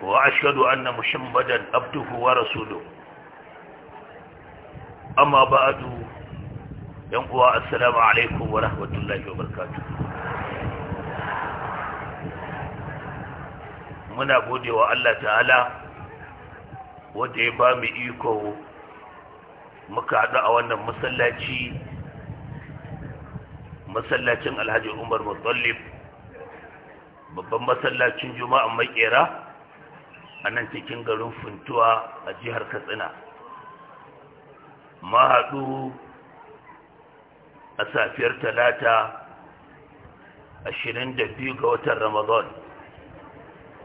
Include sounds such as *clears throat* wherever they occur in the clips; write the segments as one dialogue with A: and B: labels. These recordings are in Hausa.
A: wa ashadu anna muhammadan abduhu wa rasulu amma ba'adu yan uwa assalamu alaikum wa rahmatullahi wa barakatuh muna gode wa Allah ta'ala wanda ya ba mu iko muka haɗu a wannan masallaci masallacin alhaji umar mazallif babban masallacin juma'a maƙera a nan cikin garin funtuwa a jihar katsina ma haɗu a safiyar talata 22 ga watan ramadan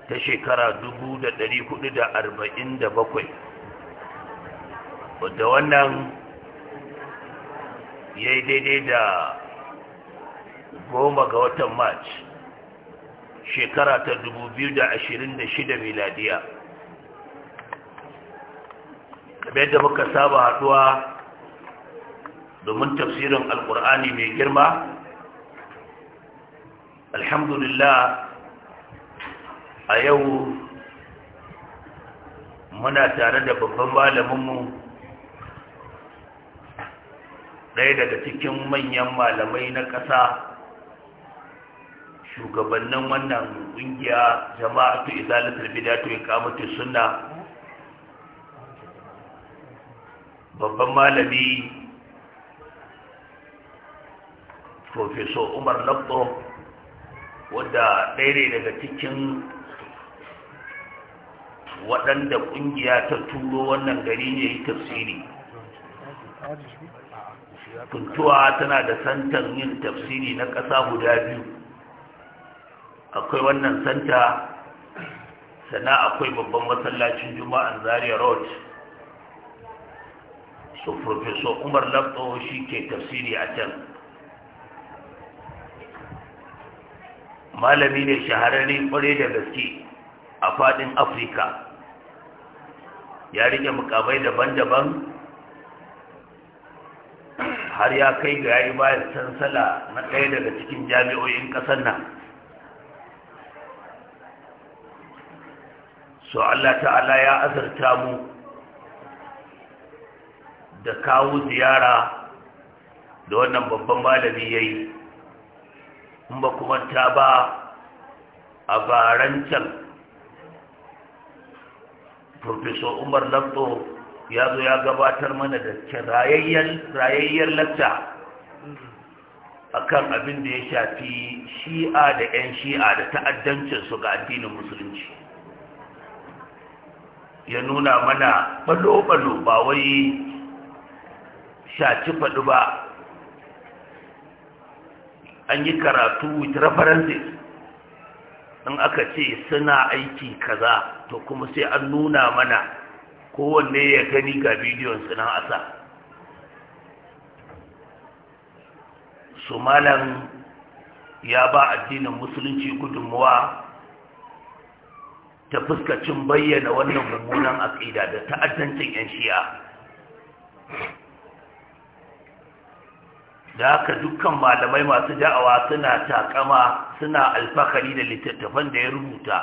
A: ta shekara 1447 wadda wannan ya yi daidai da goma ga watan march shekara ta 2026 miladiya ashirin da muka saba haduwa domin tafsirin alkur'ani mai girma alhamdulillah a yau muna tare da babban malaminmu ɗaya daga cikin manyan malamai na ƙasa shugabannin wannan kungiya jama'atu izalatul bidatu iqamatu sunna babban malami professor Umar Labdo wanda ɗaya ne daga cikin waɗanda ƙungiya ta turo wannan gari ne yi tafsiri tuntuwa tana da santan yin tafsiri na ƙasa guda biyu akwai wannan santa sana akwai babban masallacin juma'an zaria road su professor umar labdo shi ke tafsiri a can malami ne shahararren kware da gaske a fadin afirka ya rike mukamai daban-daban har ya kai ga yayi bayan sansala na ɗaya daga cikin jami'o'in ƙasar nan so Allah ta'ala ya azarta mu da kawo ziyara da wannan babban malami yayi yi in ba kuma ta ba a barancan professor umar lafto ya zo ya gabatar mana da rayayyar lacca a kan abin da ya shafi shi'a da 'yan shi'a da ta'addancinsu ga addinin musulunci ya nuna mana balo-balo ba wai shaci faɗi ba an yi karatu with references in aka ce suna aiki kaza to kuma sai an nuna mana kowanne ya gani ga bidiyon suna asa su malam ya ba addinin musulunci gudunmuwa ta fuskacin bayyana wannan mummunan aƙida da ta'addancin 'yan shi'a da haka dukkan malamai masu da'awa suna takama suna alfahari da littattafan da ya rubuta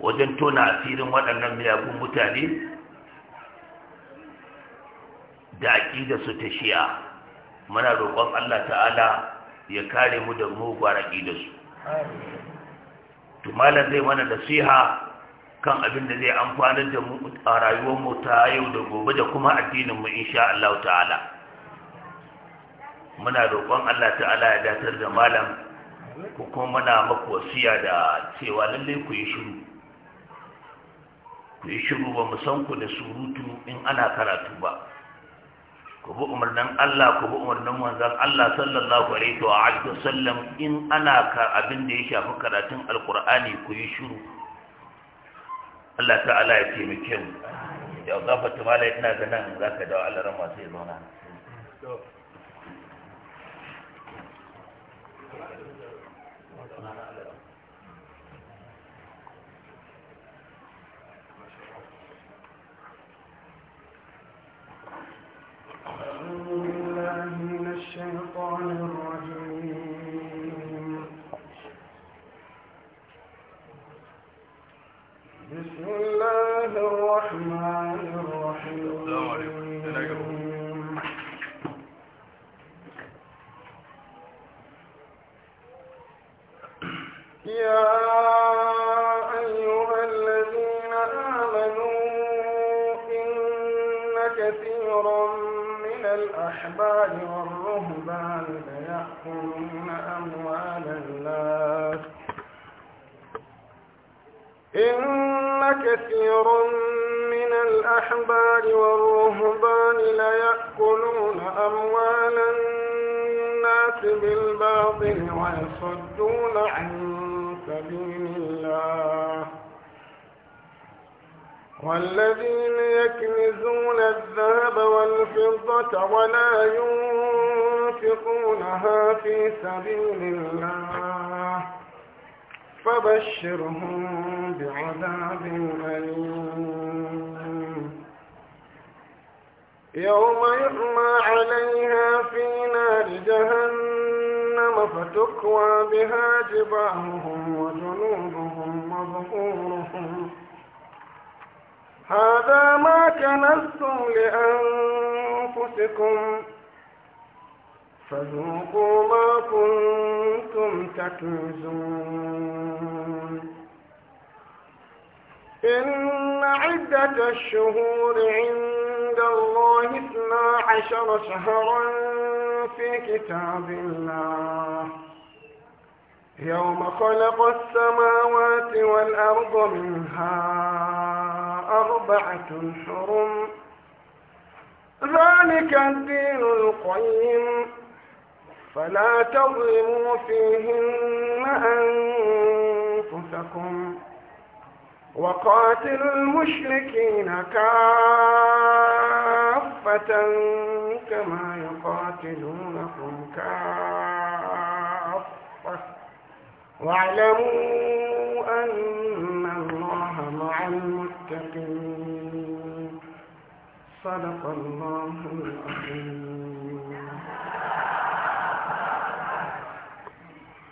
A: wajen tona asirin waɗannan miyagun mutane da aƙida su ta shi'a muna roƙon allah ta'ala ya kare mu da muguwar da su to malam zai mana nasiha kan abin da zai amfanar da mu a rayuwar mu ta yau da gobe da kuma addinin mu insha Allah ta'ala muna roƙon Allah ta'ala ya datar da malam ko kuma muna maku wasiya da cewa lallai ku yi shiru ku yi shiru ba mu san ku da surutu in ana karatu ba ku bi umarnin Allah ku bi umarnin manzan Allah sallallahu alaihi wa alihi wasallam in ana ka abin da ya shafi karatun alqur'ani ku yi shiru Allah ta'ala ya taimake mu ya ta mala ina ga nan zaka dawo Allah rama sai zauna Thank you.
B: كثير من الأحبار والرهبان ليأكلون أموال الناس بالباطل ويصدون عن سبيل الله والذين يكنزون الذهب والفضة ولا ينفقونها في سبيل الله فبشرهم بعذاب أليم يوم يحمى عليها في نار جهنم فتكوى بها جباههم وجنوبهم وظهورهم هذا ما كنزتم لأنفسكم فذوقوا ما كنتم تكنزون إن عدة الشهور عند الله اثنا عشر شهرا في كتاب الله يوم خلق السماوات والأرض منها أربعة حرم ذلك الدين القيم فلا تظلموا فيهن أنفسكم وقاتلوا المشركين كافة كما يقاتلونكم كافة واعلموا أن الله مع المتقين صدق الله العظيم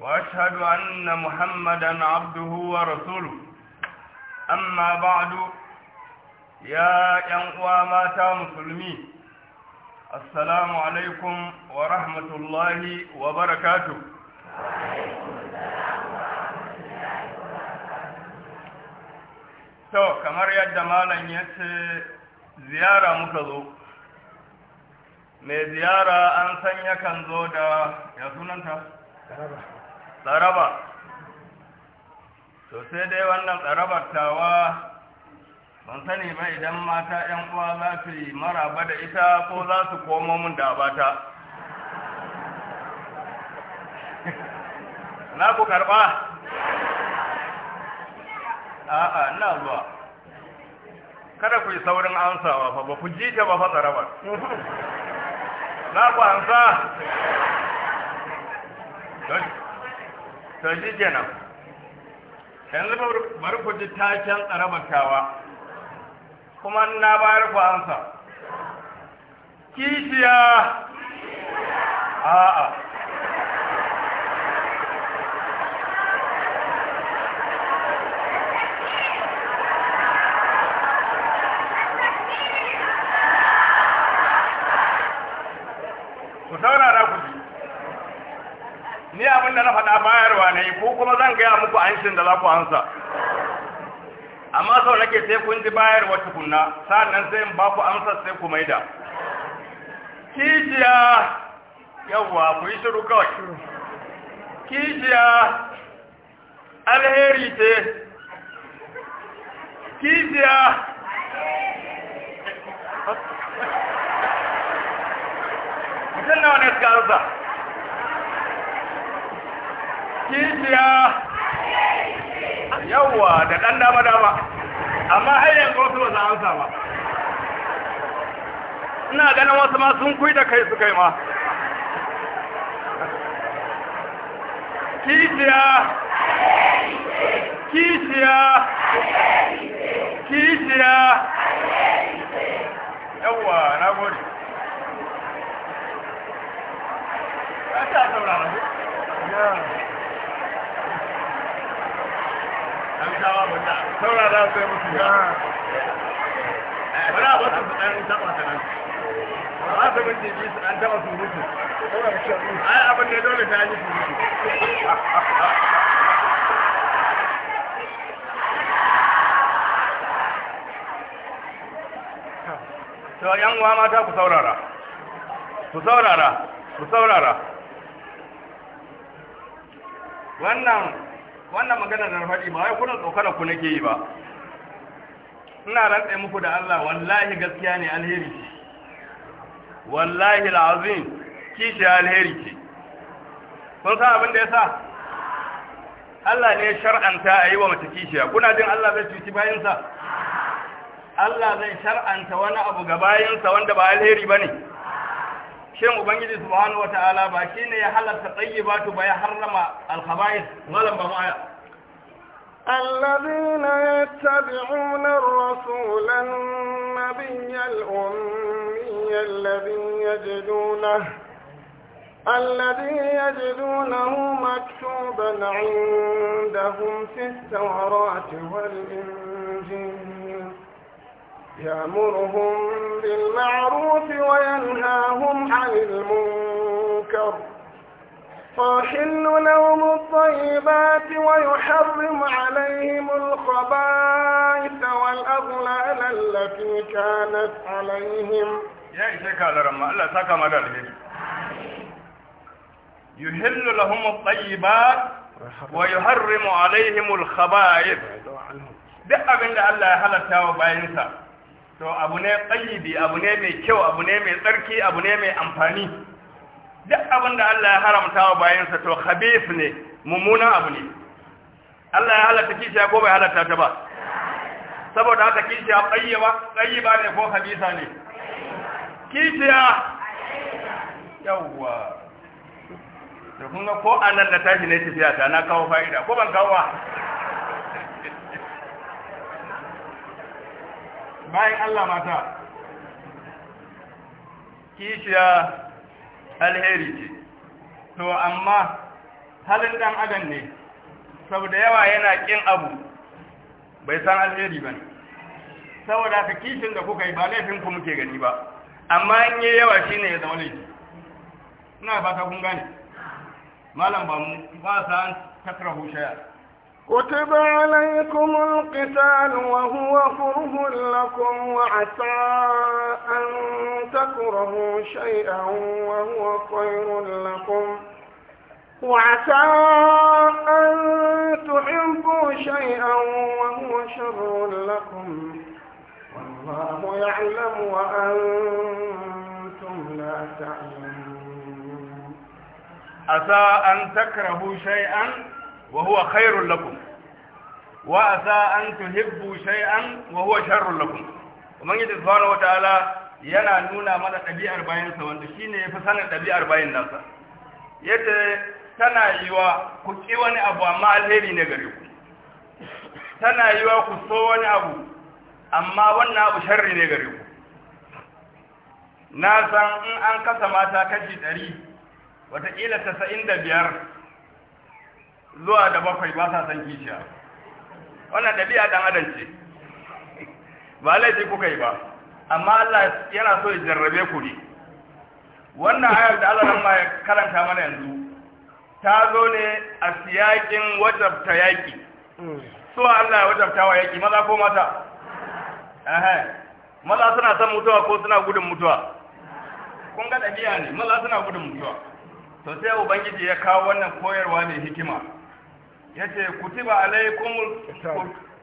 C: وأشهد أن محمدا عبده ورسوله أما بعد يا ينقوى ماتا مسلمين السلام عليكم ورحمة الله وبركاته to kamar yadda malam ya ce ziyara muka zo mai ziyara an san yakan zo da ya sunanta? tsaraba to sai dai wannan tsarabar tawa ban sani ba idan mata 'yan uwa za su yi maraba da ita ko za su komo mun da bata na ku karba a'a ina zuwa kada ku yi saurin ansawa fa ba ku ji ta ba fa tsarabar na ku ansa to kenan yanzu bari ku ji taken tsarabatawa kuma na bayar ku ansa kishiya a'a zan gaya muku anshin da za ku ansa amma sau nake sai kun ji bayar wata kunna sa'annan sai in ba ku amsa sai ku maida kijiya yawwa ku yi shiru kawai kijiya alheri ce kijiya mutum nawa ne suka arza
D: kishiya yawwa
C: da ɗan dama dama amma har yanzu wasu ba a ansa ba ina ganin wasu ma sun kui da kai su kai ma kishiya kishiya kishiya yawwa na gode ta Yeah. saurara ah. to yan uwa mata ku saurara ku saurara ku saurara wannan wannan magana da faɗi ba wai kuna tsokana ku nake yi ba ina rantsa muku da Allah wallahi gaskiya ne alheri ce wallahi alazim kishi alheri ce kun san abin da yasa Allah ne shar'anta a yi wa mace kishiya kuna jin Allah zai cuci bayansa Allah zai shar'anta wani abu ga bayansa wanda ba alheri ba ne شيء مبنجي سبحانه وتعالى باشين يا حلا الطيبات وبيا حرم الخبائث ظلم بمعايا
B: الذين يتبعون الرسول النبي الأمي الذي يجدونه الذي يجدونه مكتوبا عندهم في التوراة والإنجيل يأمرهم بالمعروف وينهاهم عن المنكر ويحل لهم الطيبات ويحرم عليهم الخبائث والأغلال التي كانت عليهم
C: يا إشيك هذا رمى الله ساكا مدى يحل لهم الطيبات ويحرم عليهم الخبائث دعا بند da Allah ya halatta to abu ne tsayibi abu ne mai kyau abu ne mai tsarki abu ne mai amfani duk abin da Allah ya haramta wa bayansa to khabif ne mummunan abu ne Allah ya halatta kishiya ko bai halatta ta ba saboda haka kishiya tsayiba tsayiba ne ko khabisa ne kishiya yawwa To kun ga ko anan da tashi ne tafiya ta na kawo fa'ida ko ban kawo ba bayan Allah mata kishiya alheri ce to amma halin dan adam ne saboda yawa yana kin abu bai san alheri ba ne saboda ka kishin da kuka yi ba laifin ku muke gani ba amma in yi yawa shine ya zama laifi ina ba ta kun gane malam ba mu ba sa an shaya
B: كتب عليكم القتال وهو كره لكم وعسى أن تكرهوا شيئا وهو خير لكم وعسى أن تحبوا شيئا وهو شر لكم والله يعلم وأنتم لا تعلمون
C: عسى أن تكرهوا شيئا wa huwa khairul lakum wa asa an tuhibbu shay'an wa huwa sharrul lakum ubangiji subhanahu wataala yana nuna mana ɗabi'ar bayansa wanda shi ne ya fi sanin ɗabi'ar bayan nasa Yadda tana yiwa ku ki wani abu amma alheri ne gare ku tana yiwa ku so wani abu amma wannan abu sharri ne gare ku na san in an kasa mata kashi ɗari watakila tasa'in da biyar zuwa da bakwai ba sa san kishiya wannan ɗabi'a dan adam ce ba laifi kuka yi ba amma Allah yana so ya jarrabe ku ne wannan ayar da Allah nan ma ya karanta mana yanzu ta zo ne a siyakin wajabta yaki so Allah ya wajabta wa yaki maza ko mata eh maza suna son mutuwa ko suna gudun mutuwa kun ga ɗabi'a ne maza suna gudun mutuwa to sai ubangiji ya kawo wannan koyarwa mai hikima yace kutiba alaikumul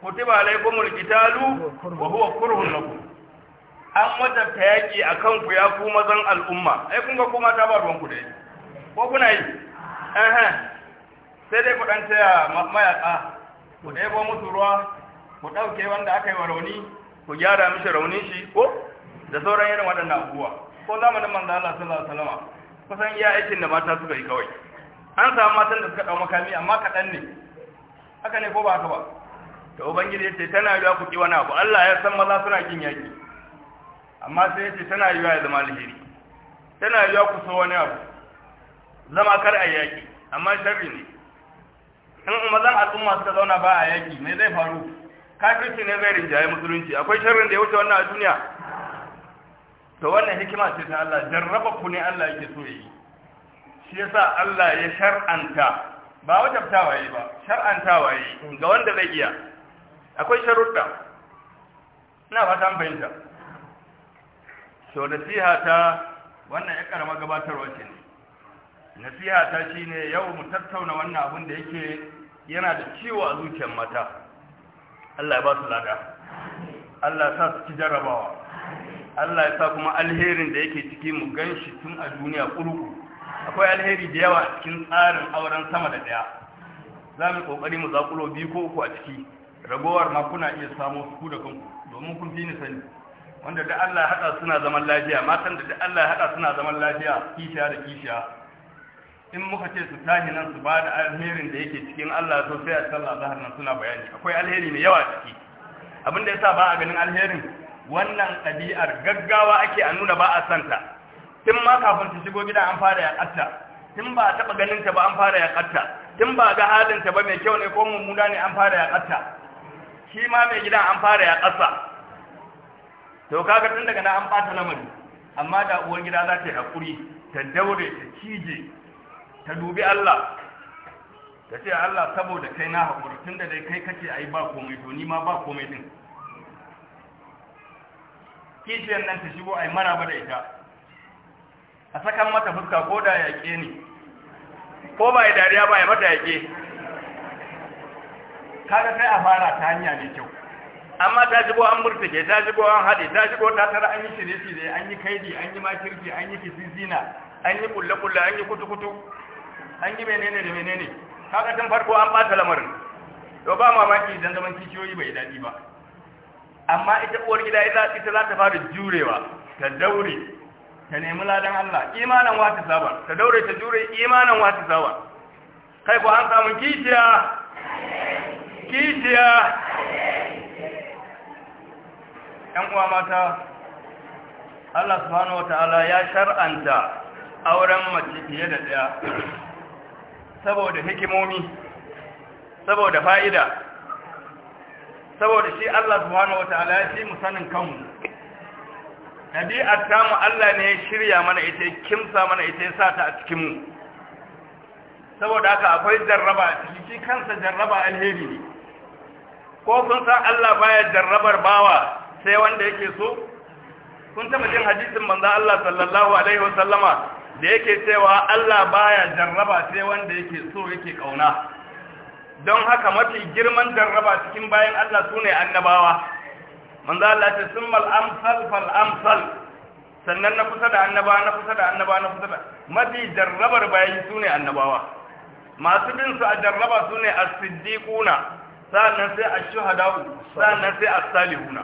C: kutiba alaikumul qitalu wa huwa kurhun lakum an wajabta yaki akan ku ya ku mazan al'umma ai kun ga kuma ta ba ruwan ku dai ko kuna yi eh sai dai ku dan taya a. ku dai ba musu ruwa ku dauke wanda aka yi wa rauni ku gyara mishi raunin shi ko da sauran irin waɗannan abubuwa ko zamanin manzo Allah sallallahu alaihi wasallam kusan iya aikin da mata suka yi kawai an samu matan da suka ɗau makami amma kaɗan ne haka ne ko ba haka ba ta ubangiji ya ce tana yiwa ku ki wani abu Allah ya san maza suna kin yaki amma sai ya ce tana yiwa ya zama alheri tana yiwa ku so wani abu zama kar a yaƙi, amma sharri ne in mazan al'umma suka zauna ba a yaƙi, me zai faru kafirci ne zai rinjaye musulunci akwai sharrin da ya wuce wannan a duniya to wannan hikima ce ta Allah jarraba ku ne Allah yake so yi shi yasa Allah ya shar'anta ba wajabta waye ba shar'anta yi ga wanda zai iya akwai sharuɗa ina fata fahimta so nasiha ta wannan ya karama gabatarwa ce ne nasiha ta shine yau mu tattauna wannan abun da yake yana da ciwo a zuciyar mata Allah ya ba su lada Allah ya sa su ci jarrabawa Allah ya sa kuma alherin da yake ciki mu ganshi tun a duniya kurku akwai alheri da yawa a cikin tsarin auren sama da ɗaya za mu kokari mu zakulo biyu ko uku a ciki ragowar ma kuna iya samo su da kanku domin kun fi sani wanda da Allah ya haɗa suna zaman lafiya matan da da Allah ya haɗa suna zaman lafiya kishiya da kishiya in muka ce su tahi nan su ba da alherin da yake cikin Allah to sai a sallah zahar nan suna bayani akwai alheri mai yawa ciki abin da yasa ba a ganin alherin wannan ɗabi'ar gaggawa ake a nuna ba a santa tun ma kafin ta shigo gida an fara yaƙatta tun ba a taɓa ganin ta ba an fara yaƙatta tun ba ga halin ta ba mai kyau ne ko mummuna ne an fara yaƙatta shi ma mai gidan an fara yaƙasa to kaga tun daga na an ɓata lamari amma da uwar gida za ta yi haƙuri ta daure ta cije ta dubi Allah ta ce Allah saboda kai na haƙuri tun da dai kai kace a yi ba komai to ni ma ba komai din kishiyar nan ta shigo a yi maraba da ita a sakan mata fuska ko da yaƙe ne ko ba ya dariya ba ya mata yaƙe kada sai a fara ta hanya mai kyau amma ta shigo an murtuke ta shigo an haɗe ta shigo ta tara an yi shirye-shirye an yi kaidi an yi makirki an yi kisizina an yi kulle-kulle an yi kutu-kutu an yi menene da menene kaga tun farko an ɓata lamarin to ba mamaki idan zaman kishiyoyi bai daɗi ba amma ita uwar gida ita za ta fara jurewa ta daure ta nemi ladan Allah imanin wata saba ta daure ta jure imanin wata saba kai ko an samu kishiya
D: kishiya
C: yan uwa mata Allah subhanahu wataala ya shar'anta auren mace fiye da ɗaya, saboda hikimomi saboda fa'ida saboda shi Allah subhanahu wataala ya fi mu sanin kanmu ɗabi'ar tamu Allah ne ya shirya mana ita kimsa mana ita ya sa ta a cikinmu saboda haka akwai jarraba shi kansa jarraba alheri ne ko kun san Allah baya jarrabar bawa sai wanda yake so kun taɓa jin hadisin manzo Allah sallallahu alaihi wa sallama da yake cewa Allah baya jarraba sai wanda yake so yake kauna don haka mafi girman jarraba cikin bayan Allah sune annabawa manzo Allah ce summal amsal fal sannan na kusa da annaba na kusa da annaba na kusa da mafi jarrabar bayi sune annabawa masu bin su a jarraba sune as-siddiquna sannan sai ash-shuhada sannan sai as-salihuna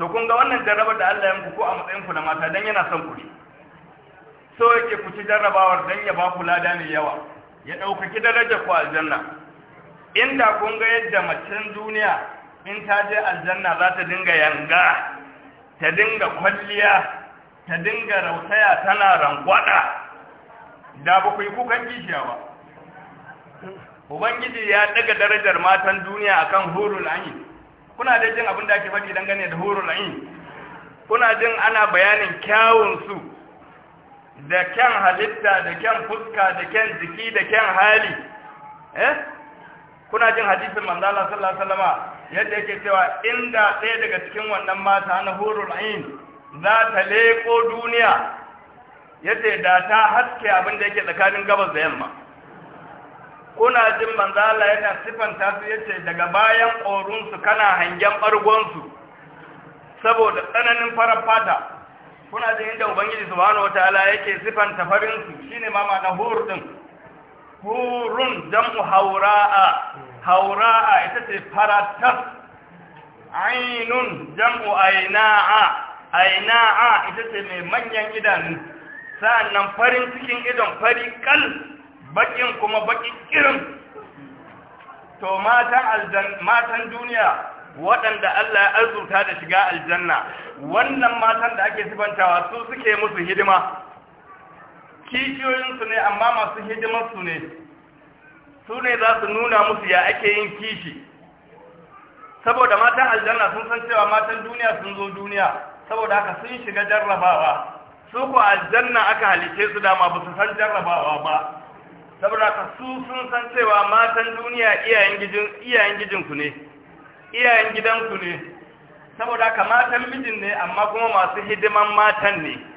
C: to kun ga wannan jarrabar da Allah ya muku ko a matsayin ku na mata dan yana son ku ne so yake ku ci jarrabawar dan ya ba ku lada mai yawa ya ɗaukaki darajar ku aljanna inda kun ga yadda macen duniya in ta je aljanna za ta dinga yanga ta dinga kwalliya ta dinga rausaya tana rangwada da ba ku yi kukan kishiya ba ubangiji ya daga darajar matan duniya akan hurul ayin kuna da jin abin da ake faɗi dangane da hurul ayin kuna jin ana bayanin kyawun su da kyan halitta da kyan fuska da kyan jiki da kyan hali eh kuna jin hadisin manzala sallallahu alaihi wasallama yadda yake cewa inda ɗaya daga cikin wannan mata na hurul ain za ta leko duniya yadda da ta haske abin da yake tsakanin gabas da yamma kuna jin manzala yana sifanta su yace daga bayan ƙorunsu kana hangen ɓargonsu saboda tsananin farar fata kuna jin inda ubangiji subhanahu wataala yake sifanta farin su shine ma ma na hurun jam'u haura'a haura'a ita ce faratas ainun jam'u aina'a aina'a ita ce mai manyan idanu sa'annan farin cikin idan fari kal bakin kuma baki kirin to matan duniya waɗanda Allah ya arzuta da shiga aljanna wannan matan da ake sifantawa su suke musu hidima kishiyoyinsu ne amma masu hidimarsu ne su ne za su nuna musu ya ake yin kishi saboda matan aljanna sun san cewa matan duniya sun zo duniya saboda haka sun shiga jarrabawa su ku aljanna aka halice su dama ba su san jarrabawa ba saboda haka su sun san cewa matan duniya iyayen iyayen gijinku ne iyayen gidanku ne saboda haka matan mijin ne amma kuma masu hidiman matan ne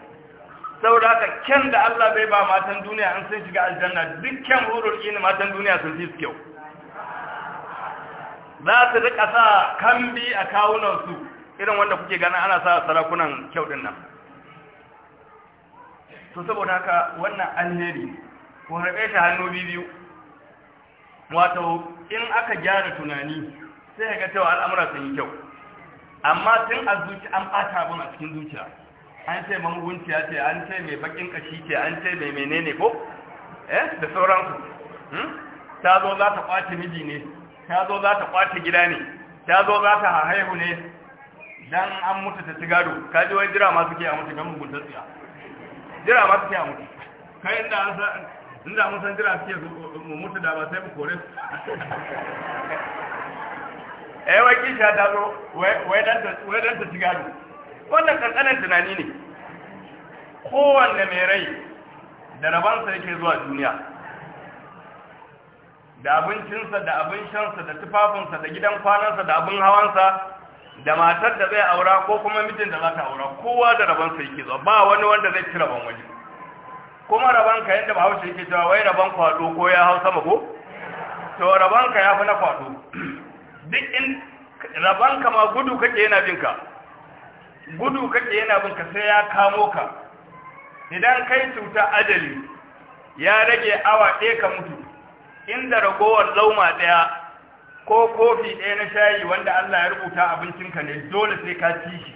C: saboda haka kyan da Allah bai ba matan duniya an sun shiga aljanna duk kyan hurul matan duniya sun fi kyau za su rika sa kambi a kawunansu irin wanda kuke gana ana sa sarakunan kyau din nan to saboda haka wannan alheri ku harbe shi hannu biyu wato in aka gyara tunani sai ga cewa al'amura sun yi kyau amma tun a zuci an ɓata abin a cikin zuciya an ce mamugunciya ce an ce mai bakin kashi ce an ce mai menene ko eh da sauransu hmm? ta zo za ta kwace miji ne ta zo za ta kwace gida ne ta zo za ta haihu ne dan an mutu ta cigado ka ji wai jira ma suke a mutu don mugunta tsiya jira ma suke a mutu kai inda an san inda mun san jira suke mu mutu da ba sai mu kore su *laughs* eh wai kisha ta zo wai dan ta wai dan ta cigado wannan kankanin tunani ne kowanne mai rai da rabansa yake zuwa duniya da abincinsa da abin shansa da tufafinsa da gidan kwanansa da abin hawansa da matar da zai aura ko kuma mijin da za ta aura kowa da rabansa yake zuwa ba wani wanda zai ci rabon waje kuma rabanka yadda ba haushe yake cewa wai raban kwado ko ya hau sama ko to rabanka ya fi na kwado duk in rabanka ma gudu kake yana binka gudu kake yana bin ka sai ya kamo ka idan kai cuta ajali ya rage awa ɗaya ka mutu inda ragowar lauma ɗaya ko kofi ɗaya na shayi wanda Allah ya rubuta abincinka ne dole sai ka ci shi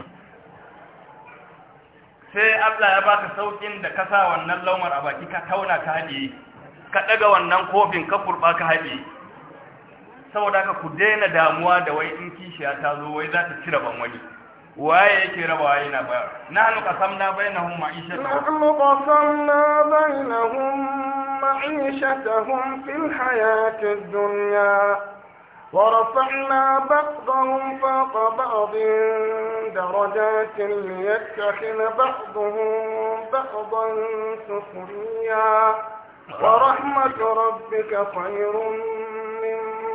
C: sai Allah ya baka saukin da ka sa wannan laumar a baki ka tauna ka haɗe ka ɗaga wannan kofin ka kurɓa ka haɗe saboda ka ku daina damuwa da wai in kishiya ta zo wai za ta cire ban wani وآية روائنا نحن قسمنا بينهم معيشتهم نحن
B: قسمنا بينهم معيشتهم في الحياة الدنيا ورفعنا بعضهم فوق بعض درجات ليتخذ بعضهم بعضا سخريا
C: ورحمة
B: ربك خير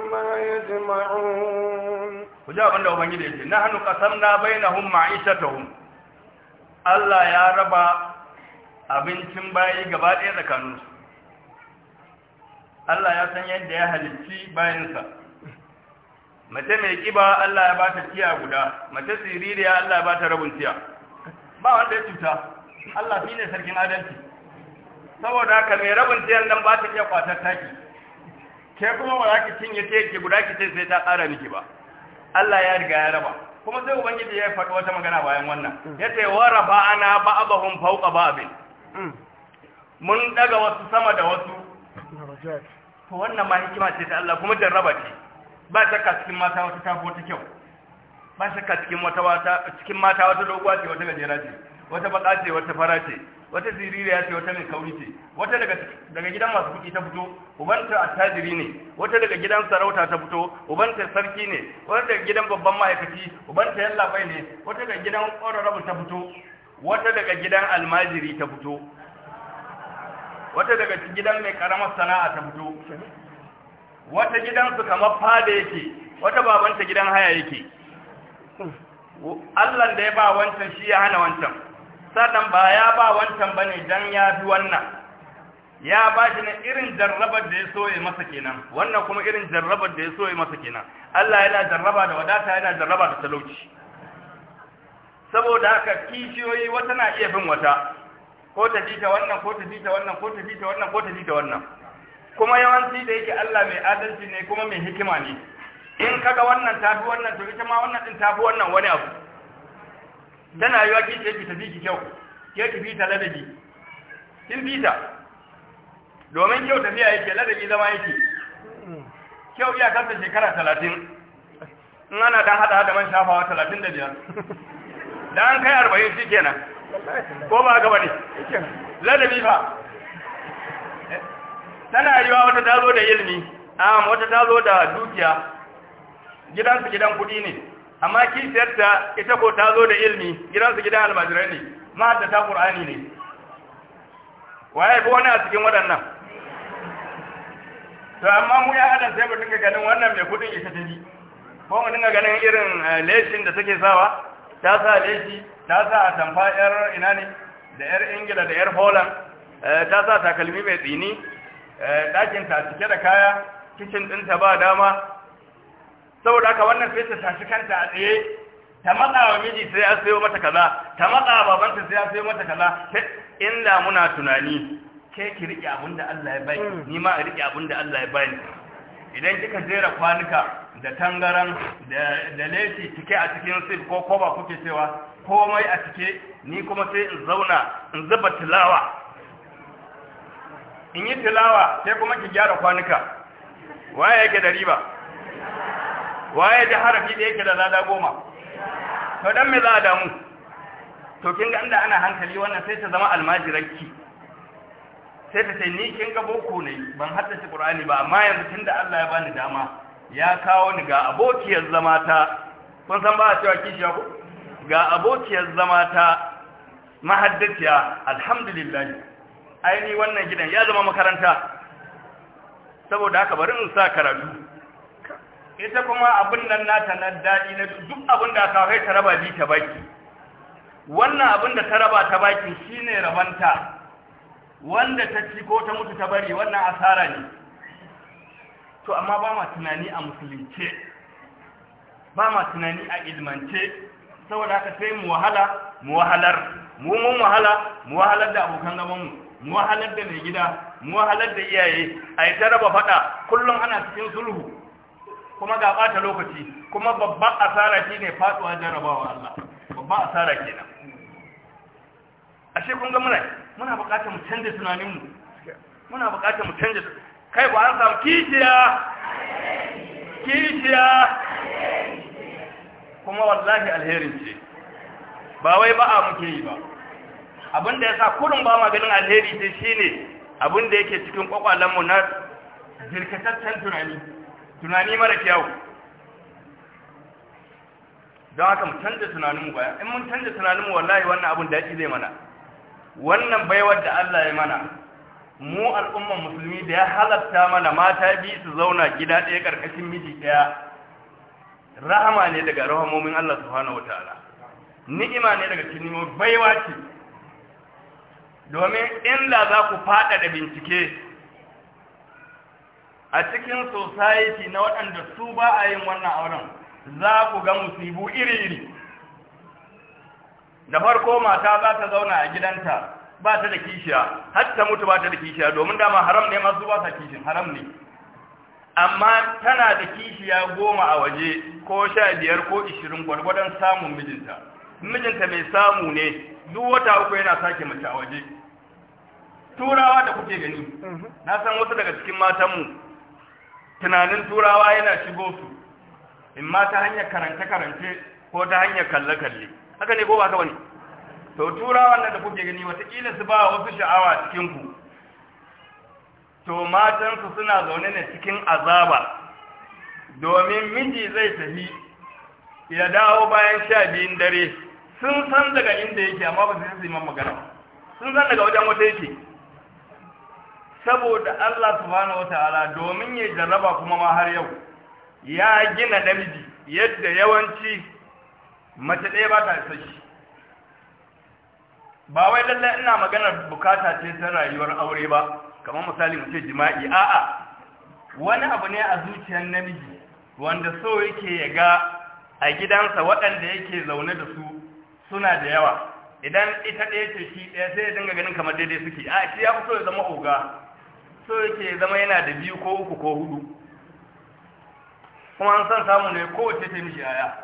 B: عما يجمعون
C: وجاء عند ubangiji yace nahnu qasamna ta ma'ishatahum Allah ya raba abincin bayi gaba ɗaya tsakaninsu Allah ya san yadda ya halicci bayansa mace mai kiba Allah ya ba ta tiya guda mace siririya Allah ya ba ta rabin tiya ba wanda ya cuta Allah fi ne sarkin adalci saboda haka mai rabin tiyan nan ba ta iya kwatar taki ke kuma ba za ki cinye ta yake guda ki ce sai ta ƙara miki ba Allah ya riga ya raba kuma sai ubangiji ya faɗi wata magana bayan wannan mm. ya ce wa raba ana ba'dahum fawqa ba'din mm. mun daga wasu sama da wasu to wannan ma hikima ce ta Allah kuma jarraba ce ba shakka cikin mata wata ta ta kyau ba shakka cikin mata wata cikin mata wata doguwa ce wata gajera ce wata baka ce wata fara ce wata ziririya ce wata mai kauri ce wata daga daga gidan masu kuɗi ta fito ubanta attajiri ne wata daga gidan sarauta ta fito ubanta sarki ne wata daga gidan babban ma'aikaci ubanta yalla bai ne wata daga gidan honorable ta fito wata daga gidan almajiri ta fito wata daga gidan mai karamar sana'a ta fito wata gidan su kamar fada yake wata babanta gidan haya yake Allah da ya ba wancan shi ya hana wancan sannan ba ya ba wancan ba ne don ya fi wannan ya ba shi na irin jarrabar da ya so ya masa kenan wannan kuma irin jarrabar da ya so ya masa kenan Allah yana jarraba da wadata yana jarraba da talauci saboda haka kishiyoyi wata na iya bin wata ko ta ji ta wannan ko ta ji ta wannan ko ta ji ta wannan ko ta ji ta wannan kuma yawanci da yake Allah mai adalci ne kuma mai hikima ne in kaga wannan tafi wannan to ita ma wannan din tafi wannan wani abu tana yiwa ki ce ki biki ki kyau ke ki bi ta ladabi kin bi ta domin kyau tafiya yake ladabi zama yake kyau iya kasa shekara talatin in ana dan hada hada man shafawa talatin da biyar dan kai arba'in shi kenan ko ba gaba ne ladabi ba tana yiwa wata tazo da ilimi a wata tazo da dukiya gidansu gidan kudi ne amma ta ita ko ta zo da ilmi gidansu gidan almajirai ne ta qur'ani ne waye ko wani a cikin waɗannan to amma mu ya adam sai mu dinga ganin wannan mai kudin ita ta ji ko mu dinga ganin irin eh, leshin da take sawa ta sa leshi ta sa atamfa yar ina ne da yar ingila da yar holland eh, ta sa takalmi mai tsini eh, ɗakinta cike da kaya kicin ɗinta ba dama saboda haka wannan sai ta tashi kanta a tsaye ta matsa wa miji sai ya sayo mata kaza ta matsa wa babanta sai ya sayo mata kaza inda muna tunani ke ki riƙe abin da Allah ya bai hmm. ni ma a riƙe abin da Allah ya bai idan kika jera kwanuka da tangaran da da cike a cikin sif ko ba kuke cewa komai a cike ni kuma sai in zauna in zuba tilawa in yi tilawa sai kuma ki gyara kwanuka waye yake da riba waye ji harafi da yake da lada goma to dan me za a damu to kin ga inda ana hankali wannan sai ta zama almajiraki. sai ta sai ni kin ga boko ne ban haddace qur'ani ba amma yanzu tunda Allah ya bani dama ya kawo ni ga abokiyar zama ta kun san ba a cewa kishiya ko ga abokiyar zama ta mahaddaciya alhamdulillah aini wannan gidan ya zama makaranta saboda haka bari in sa karatu ita kuma abin nan nata na daɗi na duk abin da aka kai ta raba bi ta baki wannan abin da ta raba ta baki shine rabanta wanda ta ci ko ta mutu ta bari wannan asara ne to amma ba ma tunani a musulunce ba ma tunani a ilmance saboda haka sai mu wahala mu wahalar mu mun wahala mu wahalar da abokan gabanmu mu mu wahalar da mai gida mu wahalar da iyaye a yi ta raba faɗa kullum ana cikin sulhu kuma ga bata lokaci kuma babban asara shine faduwa jarabawa Allah babban asara kenan ashe kun ga muna muna buƙatar mu canza tunanin mu muna buƙatar mu canza kai ba an samu kishiya kishiya kuma wallahi alherin ce ba wai ba a muke yi ba abinda ya sa kurin ba maganin alheri ce shine abinda yake cikin kwakwalenmu na jirkataccen tunani tunani mara kyau don haka mu canza tunaninmu baya in mun canza tunaninmu wallahi wannan abun daɗi zai mana wannan baiwar da Allah ya mana mu al'umman musulmi da ya halatta mana mata biyu su zauna gida ɗaya ƙarƙashin miji ɗaya rahama ne daga rahamomin Allah subhanahu wataala ni'ima ne daga cikin baiwa ce domin in la za ku faɗa da bincike a cikin society na waɗanda su ba a yin wannan auren za ku ga musibu iri-iri da farko mata za ta zauna a gidanta ba ta da kishiya har ta mutu ba ta da kishiya domin dama haram ne masu ba ta kishin haram ne amma tana da kishiya goma a waje ko sha biyar ko ishirin gwargwadon samun mijinta mijinta mai samu ne duk wata uku yana sake mace a waje turawa da kuke gani mhm. na san wasu daga cikin matanmu tunanin turawa yana shigo su in ma ta hanyar karance-karance ko ta hanyar kalle-kalle haka ne ko ba ka wani to turawan nan da kuke gani watakila su ba wasu sha'awa cikinku to matansu suna zaune ne cikin azaba domin miji zai tafi ya dawo bayan sha biyun dare sun san daga inda yake amma ba su yi magana sun san daga wajen wata yake saboda Allah subhanahu wataala domin ya jarraba kuma ma har yau ya gina namiji yadda yawanci mace ɗaya ba ta isa shi ba wai lallai ina maganar bukata ce ta rayuwar aure ba kamar misali mu jima'i a'a wani abu ne a zuciyar namiji wanda so yake ya ga a gidansa waɗanda yake zaune da su suna da yawa idan ita ɗaya ce shi ɗaya sai ya dinga ganin kamar daidai suke a shi ya fi so ya zama oga so yake zama yana da biyu ko uku ko hudu kuma an san samu ne kowace ta mishi yaya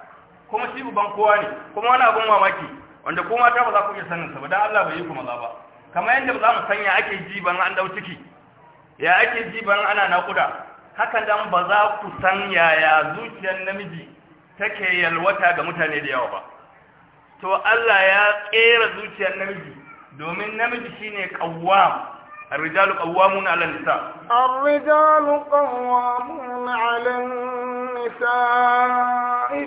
C: kuma shi uban kowa ne kuma wani abin mamaki wanda kuma ta ba za ku iya sanin sa ba dan Allah bai yi ku maza ba kamar yadda ba za mu sanya ake ji ban an dau ciki ya ake ji ban ana nakuda Haka dan ba za ku san yaya zuciyar namiji take yalwata ga mutane da yawa ba to Allah ya tsere zuciyar namiji domin namiji shine kawwam الرجال قوامون على النساء
B: الرجال قوامون على النساء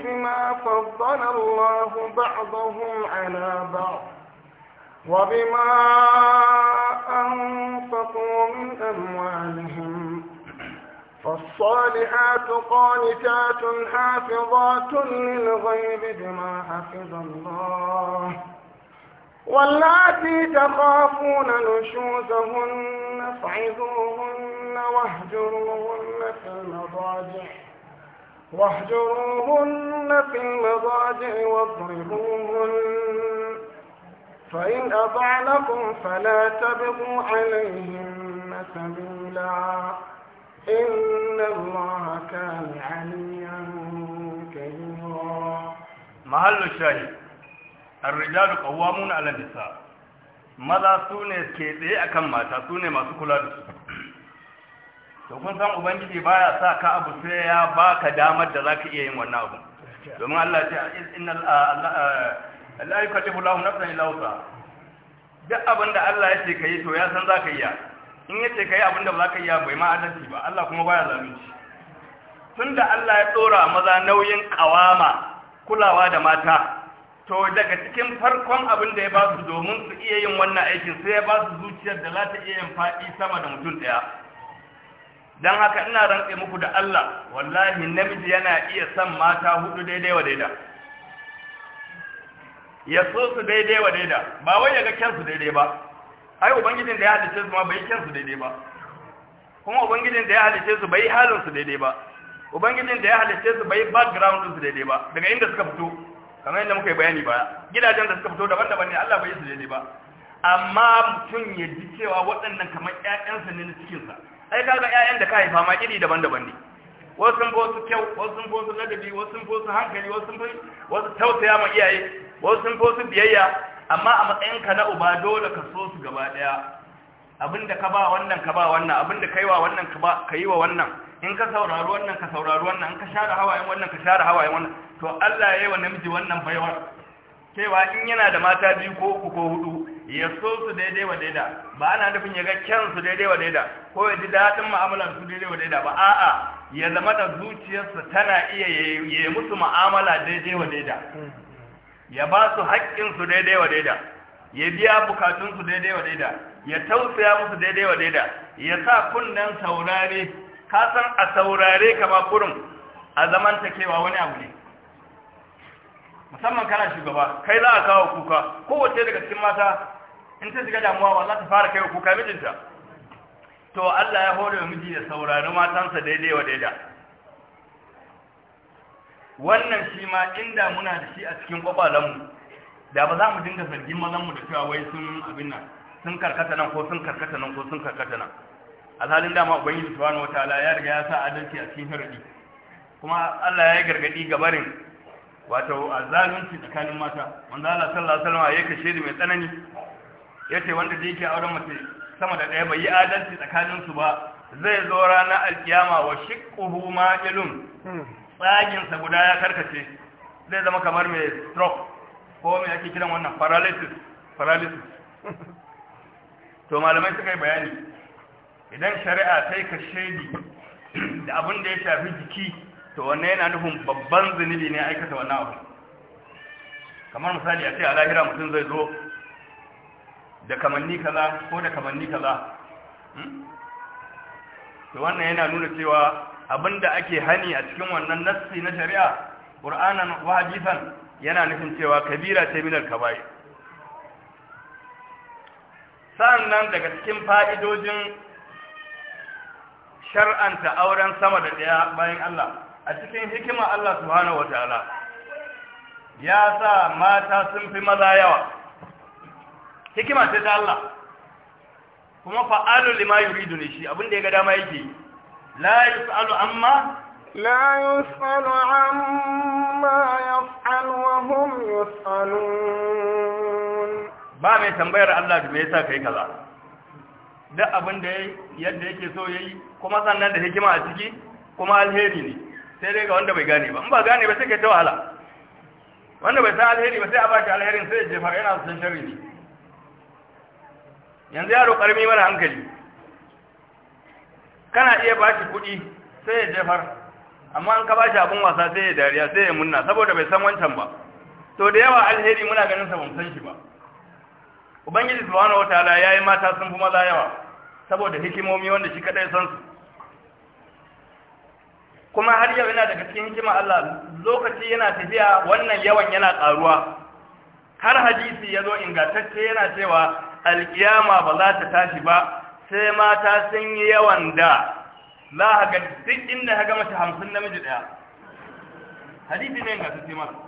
B: بما فضل الله بعضهم على بعض وبما أنفقوا من أموالهم فالصالحات قانتات حافظات للغيب بما حفظ الله واللاتي تخافون نشوزهن فعظوهن واهجروهن في المضاجع واهجروهن في المضاجع واضربوهن
A: فإن أطعنكم فلا تبغوا
B: عليهن سبيلا إن الله كان عليا
C: كبيرا محل الشاهد ar-rijalu qawwamuna 'ala nisa maza su ne ke tsaye akan mata su ne masu kula da su to kun san ubangiji baya sa ka abu sai ya baka damar da za ka iya yin wannan abu domin Allah ya ce innal la yukallifu Allahu nafsan illa wusa duk abin da Allah ya ce kai to ya san za ka iya in ya ce kai abin da ba zaka iya bai ma adalci ba Allah kuma baya zalunci tunda Allah ya dora maza nauyin ƙawama, kulawa da mata to daga cikin farkon abin da ya ba su domin su iya yin wannan aikin sai ya ba su zuciyar da za ta iya yin faɗi sama da mutum ɗaya don haka ina rantse muku da Allah wallahi namiji yana iya son mata hudu daidai wa daida ya so su daidai wa daida ba wai ya ga kyansu daidai ba ai ubangijin da ya halice su ma bai kyansu daidai ba kuma ubangijin da ya halice su bai halin su daidai ba ubangijin da ya halice su bai background su daidai ba daga inda suka fito kamar yadda muka yi bayani ba gidajen da suka fito daban-daban ne Allah bai yi su daidai ba amma mutum ya ji cewa waɗannan kamar ƴaƴansa ne na cikinsa ai kaga ƴaƴan da ka haifa ma iri daban-daban ne wasu sun fosu kyau wasu sun fosu ladabi wasu sun fosu hankali wasu sun wasu tausaya ma iyaye wasu sun fosu biyayya amma a matsayinka na uba dole ka so su gaba ɗaya abinda ka ba wannan ka ba wannan abinda ka yi wa wannan ka yi wa wannan in ka saurari wannan ka saurari wannan in ka share hawayen wannan ka share hawayen wannan to Allah ya yi wa namiji wannan baiwar cewa in yana da mata biyu ko uku ko hudu ya so su daidai wa daida ba ana nufin ya ga kyansu daidai wa daida ko ya ji daɗin mu'amalar su daidai wa daida ba a'a ya zama da zuciyarsa tana iya ya musu mu'amala daidai wa daida ya ba su haƙƙin su daidai wa daida ya biya bukatun su daidai wa daida ya tausaya musu daidai wa daida ya sa kunnen saurare ka san a saurare kama kurum a zamantakewa wani abu ne musamman kana shugaba kai za a kawo kuka kowace daga cikin mata in ta shiga damuwa ba za ta fara kai kuka mijinta to Allah ya hore wa miji ya saurari matansa daidai wa daida wannan shi ma inda muna da shi a cikin kwakwalenmu da ba za mu dinga zargin mazanmu da cewa wai sun abin nan sun karkata nan ko sun karkata nan ko sun karkata nan alhalin dama ubangiji subhanahu wataala ya riga ya sa adalci a cikin sharadi kuma Allah ya yi gargadi ga barin wato a zalunci tsakanin mata wanda Allah sallallahu alaihi wasallam ya kashe shi mai tsanani yace wanda da yake auren mace sama da daya bai adalci tsakanin su ba zai zo ranar alkiyama wa shiqquhu ma'ilun tsagin sa guda ya karkace zai zama kamar mai stroke ko mai ake kiran wannan paralysis paralysis to malamai suka yi bayani idan shari'a sai ka da abin da ya shafi jiki to wannan yana nufin babban zunubi ne aikata wannan abu kamar misali a ce a lahira mutum zai zo da kamanni kaza ko da kamanni kaza hmm? to wannan yana nuna cewa abinda ake hani a cikin wannan nassi na shari'a qur'anan wa hadithan yana nufin cewa kabira ta minal kaba'i sannan daga cikin fa'idojin shar'anta auren sama da daya bayan Allah a cikin hikima Allah subhanahu wataala ya sa mata sun fi maza yawa hikima ce ta Allah kuma fa'alu lima yuridu ne shi abin da ya ga dama yake la yus'alu amma
B: la yus'alu amma yaf'alu wa hum yus'alun
C: ba mai tambayar Allah da me yasa kai kaza duk abin da yadda yake so yayi kuma sannan da hikima a ciki kuma alheri ne sai dai ga wanda bai gane ba in ba gane ba sai ka ta wahala wanda bai san alheri ba sai a bashi alherin sai ya jefa yana san sharri ne yanzu yaro karmi mana hankali kana iya bashi kuɗi sai ya jefar amma an ka bashi abin wasa sai ya dariya sai ya munna saboda bai san wancan ba to da yawa alheri muna ganin sa ban san shi ba ubangiji subhanahu wataala yayi mata sun fi maza yawa saboda hikimomi wanda shi kadai san su kuma har yau yana daga cikin hikima Allah lokaci yana tafiya wannan yawan yana ƙaruwa har hadisi ya zo ingantacce yana cewa alkiyama ba za ta tashi ba sai mata sun yi yawan da za a ga duk inda haka mace hamsin namiji ɗaya hadisi ne ingantacce mana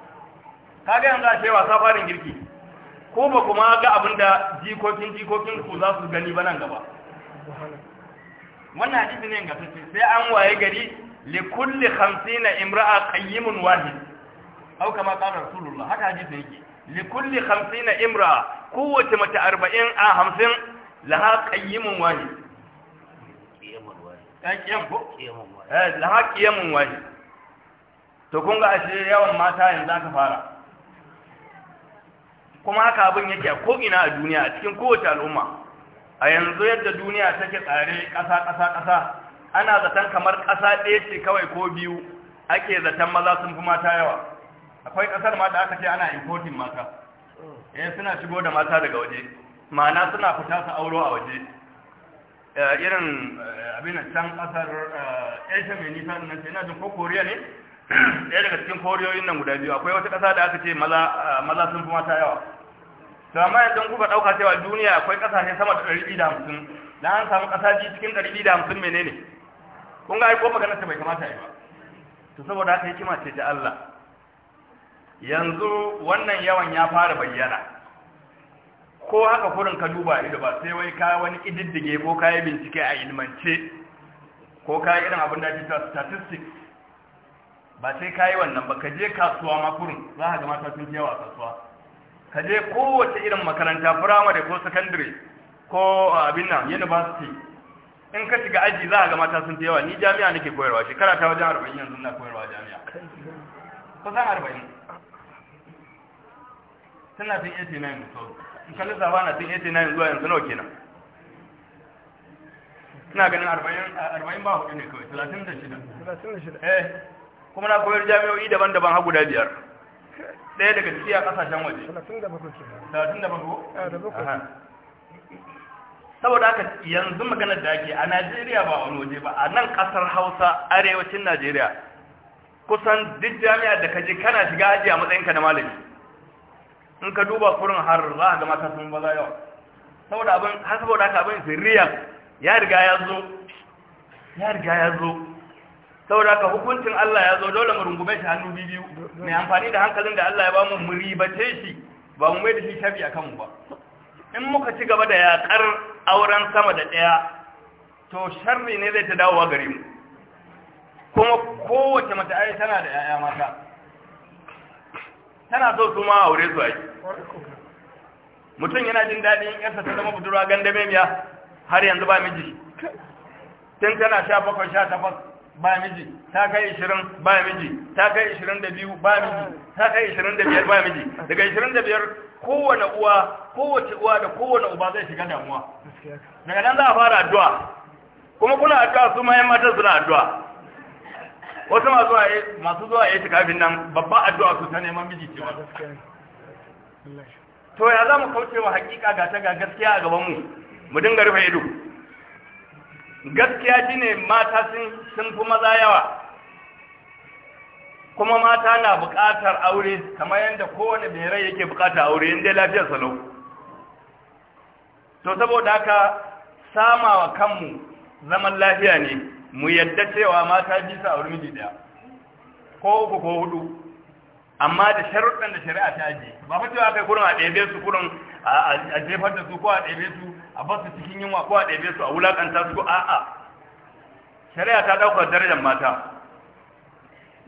C: ka ga yanzu a cewa safarin girki ko ba kuma ga abin da jikokin jikokin ku za su gani ba nan gaba wannan hadisi ne ingantacce sai an waye gari li kulli 50 imra'a qayyimun wahid au kama qala rasulullah haka hadisi yake likulli kulli 50 imra'a kowace mace 40 a 50 laha qayyimun wahid
A: qayyimun wahid eh,
C: qayyimun ko eh, to kun ga ashe yawan mata yanzu aka fara kuma haka abin yake a ko'ina a duniya a cikin kowace al'umma a yanzu yadda duniya take tsare ƙasa ƙasa ƙasa ana zaton kamar ƙasa ɗaya ce kawai ko biyu ake zaton maza sun fi mata yawa akwai ƙasar ma da aka ce ana importin mata eh suna shigo da mata daga waje ma'ana suna fita su auro a waje eh, irin eh, abin can ƙasar eh, asia mai nisa na ce ina jin ko koriya ne *clears throat* ɗaya daga cikin koriyoyin nan guda biyu akwai wata ƙasa da aka ce maza sun fi mata yawa to amma yanzu kuka ɗauka cewa duniya akwai ƙasashe sama da ɗari biyu da hamsin da an samu ƙasa ji cikin ɗari biyu da hamsin menene kun ga ai ko maganar ta bai kamata yi ba to saboda haka hikima ce ta Allah yanzu wannan yawan ya fara bayyana ko haka kurin ka duba ido ba sai wai ka wani ididdige ko ka yi bincike a ilmance ko ka yi irin abin da ake statistics ba sai ka yi wannan ba ka je kasuwa ma kurin za ka ga mata sun yawa a kasuwa ka je kowace irin makaranta firamare ko secondary ko abin nan university in ka shiga aji za a ga mata sun fi yawa ni jami'a nake koyarwa shekara ta wajen arba'in yanzu na koyarwa jami'a kusan arba'in Tana tun 1989 so in ka lissafa na tun 89 zuwa yanzu nawa kenan ina ganin arba'in ba hudu ne kawai talatin da shida eh kuma na koyar jami'o'i daban-daban har guda biyar ɗaya daga cikin a ƙasashen waje talatin da bako saboda haka yanzu maganar da ake a najeriya ba wani waje ba a nan kasar hausa arewacin najeriya kusan duk jami'a da kaje kana shiga aji a matsayinka na malami in ka duba kurin har za a ga mata sun baza yawa saboda abin har saboda haka abin sirriya ya riga ya zo ya riga ya zo saboda haka hukuncin Allah ya zo dole mu rungume shi hannu biyu mai amfani da hankalin da Allah ya ba mu mu ribace shi ba mu mai da shi shabi akan mu ba in muka ci gaba da yakar auren sama da ɗaya to sharri ne zai ta dawowa gare mu kuma kowace mace ai tana da 'ya'ya mata tana so su ma aure su ai mutum yana jin daɗin yarsa ta zama budurwa ganda memiya har yanzu ba miji tun tana sha bakwai sha takwas ba miji ta kai ishirin ba miji ta kai ishirin da biyu ba miji ta kai ishirin da biyar ba miji daga ishirin da biyar kowane uwa kowace uwa da kowane uba zai shiga damuwa daga nan za a fara addu'a kuma kuna addu'a su mayan matan suna addu'a wasu masu zuwa masu zuwa kafin nan babba addu'a su ta neman miji ce to ya za mu kauce wa hakika ga ta ga gaskiya a gabanmu mu dinga rufe ido gaskiya shine mata sun fi maza yawa kuma mata na buƙatar aure kamar yadda kowane mai rai yake buƙatar aure inda lafiyar salau to saboda haka samawa kanmu zaman lafiya ne mu yadda cewa mata ji sa a wurin daya ko uku ko hudu amma da sharuɗan da shari'a ta ji ba fa cewa kai kurin a ɗebe su kurin a jefar da su ko a ɗebe su a ba su cikin yunwa ko a ɗebe su a wulaƙanta su ko a'a shari'a ta ɗaukar darajar mata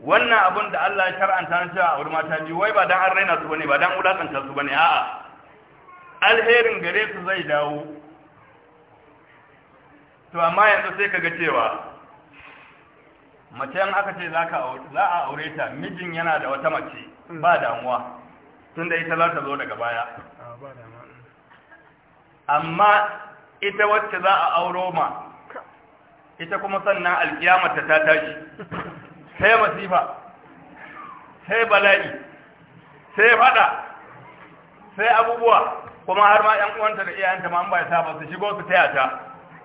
C: wannan abun da Allah ya shar'anta cewa a wurin mata ji wai ba dan an raina su bane ba dan wulaƙanta su bane a'a alherin gare su zai dawo to amma yanzu sai kaga cewa mace in aka ce za a aure ta mijin yana da wata mace hmm. ba damuwa tun da ita za ta zo daga baya ah, amma ita wacce za a auro ma ita kuma sannan alkiyamata ta tashi sai masifa sai bala'i sai fada sai abubuwa kuma har ma yan uwanta da iyayenta ma an ba ta ba su shigo su taya ta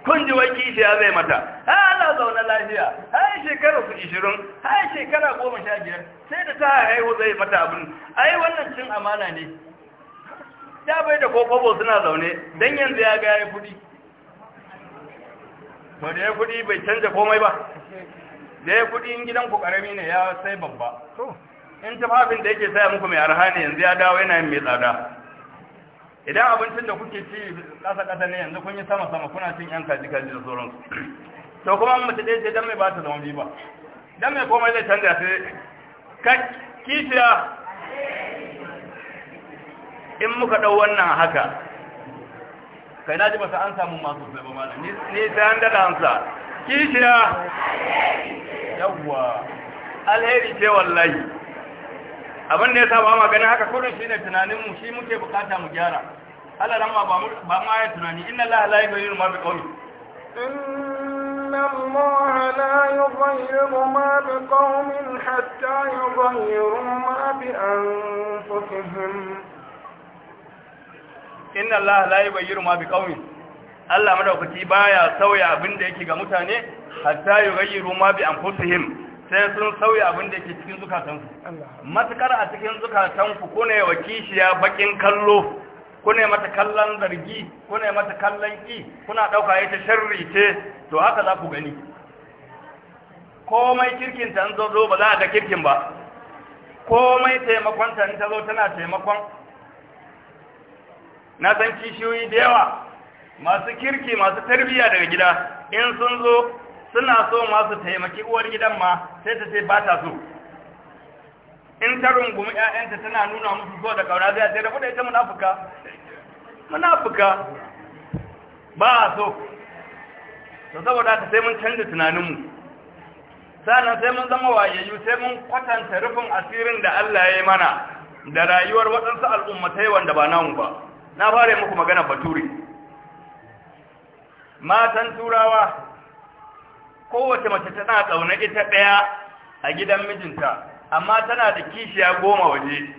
C: kun ji wai ya zai mata ha Allah zauna lafiya ha shekara su 20 ha shekara 15 sai da ta haihu zai mata abin ai wannan cin amana ne ya bai da kokobo suna zaune dan yanzu ya ga yayi kudi to da yayi kudi bai canja komai ba da yayi kudi in gidan ku karami ne ya sai babba in tafafin da yake saya muku mai arha ne yanzu ya dawo yana yin mai tsada idan abincin da kuke ci kasa kasa ne yanzu kun yi sama sama kuna cin yan kaji kaji da sauransu to kuma ta ɗaya ce dan mai ba ta zama biyu ba dan mai komai zai canza sai ka kishiya in muka ɗau wannan haka kai na ji ba an samu masu sai ba malam ni sai an daɗa hansa kishiya
D: yawwa
C: alheri ce wallahi abin da ya saba ma ganin haka kudin shi ne tunaninmu shi muke bukata mu gyara Allah dan ba mu ba mu ayatu nani inna Allah la yughayyiru ma biqawmi
B: inna Allah la yughayyiru ma biqawmin hatta yughayyiru ma bi anfusihim
C: inna Allah la yughayyiru ma biqawmin Allah madaukaki baya sauya abin da yake ga mutane hatta yughayyiru ma bi anfusihim sai sun sauya abin da ke cikin zukatansu matukar a cikin zukatanku ko ne wa kishiya bakin kallo kuna mata kallon zargi kuna mata kallon ki kuna ɗauka ita sharri ce to haka za ku gani komai kirkin ta zo zo ba za a ga kirkin ba komai taimakon ta ta zo tana taimakon na san kishiyoyi da yawa masu kirki masu tarbiyya daga gida in sun zo suna so masu taimaki uwar gidan ma sai ta ce ba ta so in ta rungumi 'ya'yanta tana nuna musu zuwa da kaura zai ta rabu da ita munafuka munafuka ba a so to saboda ta sai mun canza tunaninmu sannan sai mun zama wayayyu sai mun kwatanta rufin asirin da Allah ya yi mana da rayuwar waɗansu al'ummatai wanda ba namu ba na fara yi muku magana baturi. matan turawa kowace mace tana ƙaunar ita ɗaya a gidan mijinta amma tana da kishiya goma waje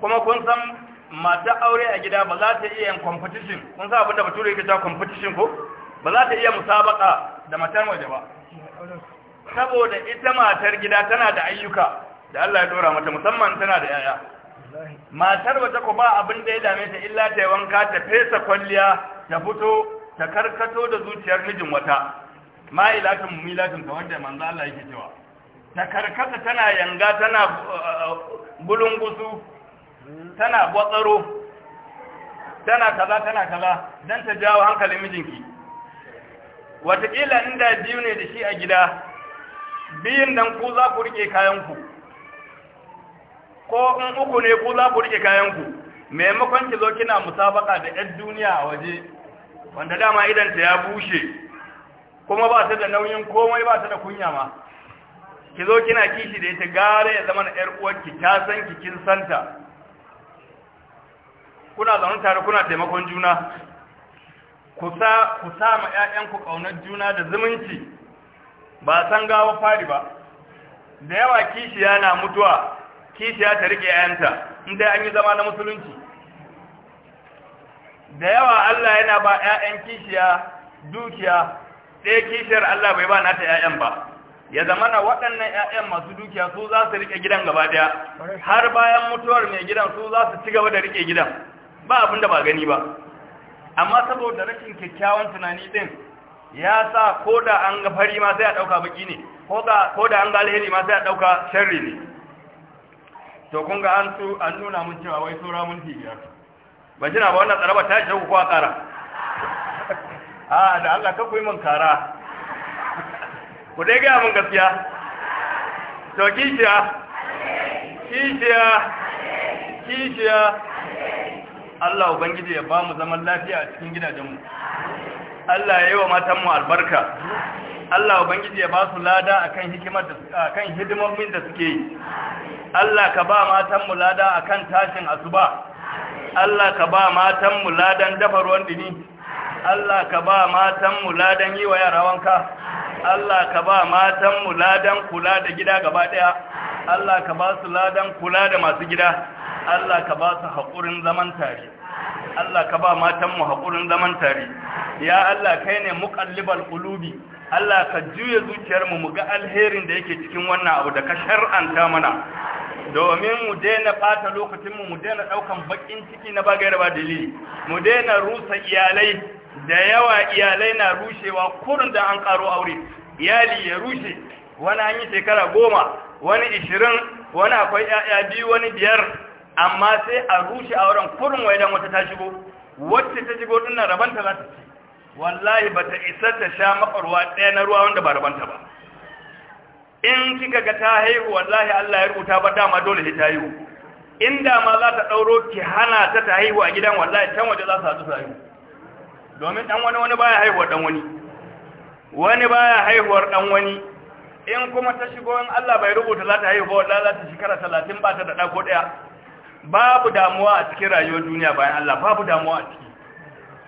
C: kuma kun san mata aure a gida ba za ta iya yin competition kun san abinda bature yake cewa competition ko ba za ta iya musabaka da matar waje ba saboda ita matar gida tana da ayyuka da Allah ya dora mata musamman tana da yaya matar wata ko ba abin da ya dame ta illa ta yi wanka ta fesa kwalliya ta fito ta karkato da zuciyar mijin wata ma'ilatun milatun ta wanda manzo Allah yake cewa ta karkasa tana yanga tana
A: uh,
C: bulungusu tana gwatsaro tana kaza tana kaza don ta jawo hankalin mijinki wataƙila inda biyu ne da shi a gida biyun nan ku za ku rike kayanku ko in uku ne ku za ku rike kayanku maimakon ki zo kina musabaka da 'yan duniya a waje wanda dama idanta ya bushe kuma ba ta da nauyin komai ba ta da kunya ma ki zo kina kishi da ita gare ya zama na ƴar uwarki ta san ki kin santa kuna zaune tare kuna taimakon juna ku sa ku ma ƴaƴanku ƙaunar juna da zumunci ba san gawa fari ba da yawa kishiya na mutuwa kishiya ta rike ƴaƴanta in dai an yi zama na musulunci da yawa Allah yana ba ƴaƴan kishiya dukiya ɗaya kishiyar Allah bai ba nata ƴaƴan ba ya zama na waɗannan 'ya'yan masu dukiya su za su riƙe gidan gaba ɗaya har bayan mutuwar mai gidan su za su ci gaba da riƙe gidan ba abin da ba gani ba amma saboda rashin kyakkyawan tunani ɗin ya sa ko da an ga fari ma sai a ɗauka baki ne ko da an ga alheri ma sai a ɗauka sharri ne to kun ga an nuna mun cewa wai saura mun biyar ba jina ba wannan tsaraba ta ce ku kwa ƙara *laughs* a da Allah ka kuyi mun kara ku dai gaya mun gaskiya to kishiya kishiya kishiya Allah Ubangiji ya ba mu zaman lafiya a cikin gidajenmu Allah ya yi wa matanmu albarka Allah Ubangiji ya ba su lada akan hikimar da akan hidimomin da suke yi Allah ka ba matanmu lada akan tashin asuba Allah ka ba matanmu ladan dafa ruwan dini Allah ka ba matanmu ladan yi wa yara wanka Allah ka ba matanmu ladan kula da gida gaba ɗaya Allah ka ba su ladan kula da masu gida Allah ka ba su haƙurin zaman tare Allah ka ba matanmu haƙurin zaman tare ya Allah kai ne muƙallibal ƙulubi Allah ka juya zuciyarmu mu ga alherin da yake cikin wannan abu da ka shar'anta mana domin mu daina ɓata lokacinmu mu daina ɗaukan baƙin ciki na bagayar ba dalili mu daina rusa iyalai da yawa iyalai na rushewa kurin da an karo aure iyali ya rushe wani an yi shekara goma wani ishirin wani akwai ya'ya biyu wani biyar amma sai a rushe auren kurin waidan wata ta shigo wacce ta shigo na rabanta za ta ce wallahi ba ta isa ta sha makarwa ɗaya na ruwa wanda ba rabanta ba in kika ga ta haihu wallahi Allah ya rubuta ba dama dole sai ta haihu inda ma za ta ɗauro ki hana ta ta haihu a gidan wallahi can waje za su haɗu su haihu domin ɗan wani wani baya haihuwar ɗan wani wani baya haihuwar ɗan wani in kuma ta shigo in Allah bai rubuta za ta haihuwar ba za ta shekara talatin ba ta da ko ɗaya. babu damuwa a cikin rayuwar duniya bayan Allah babu damuwa a ciki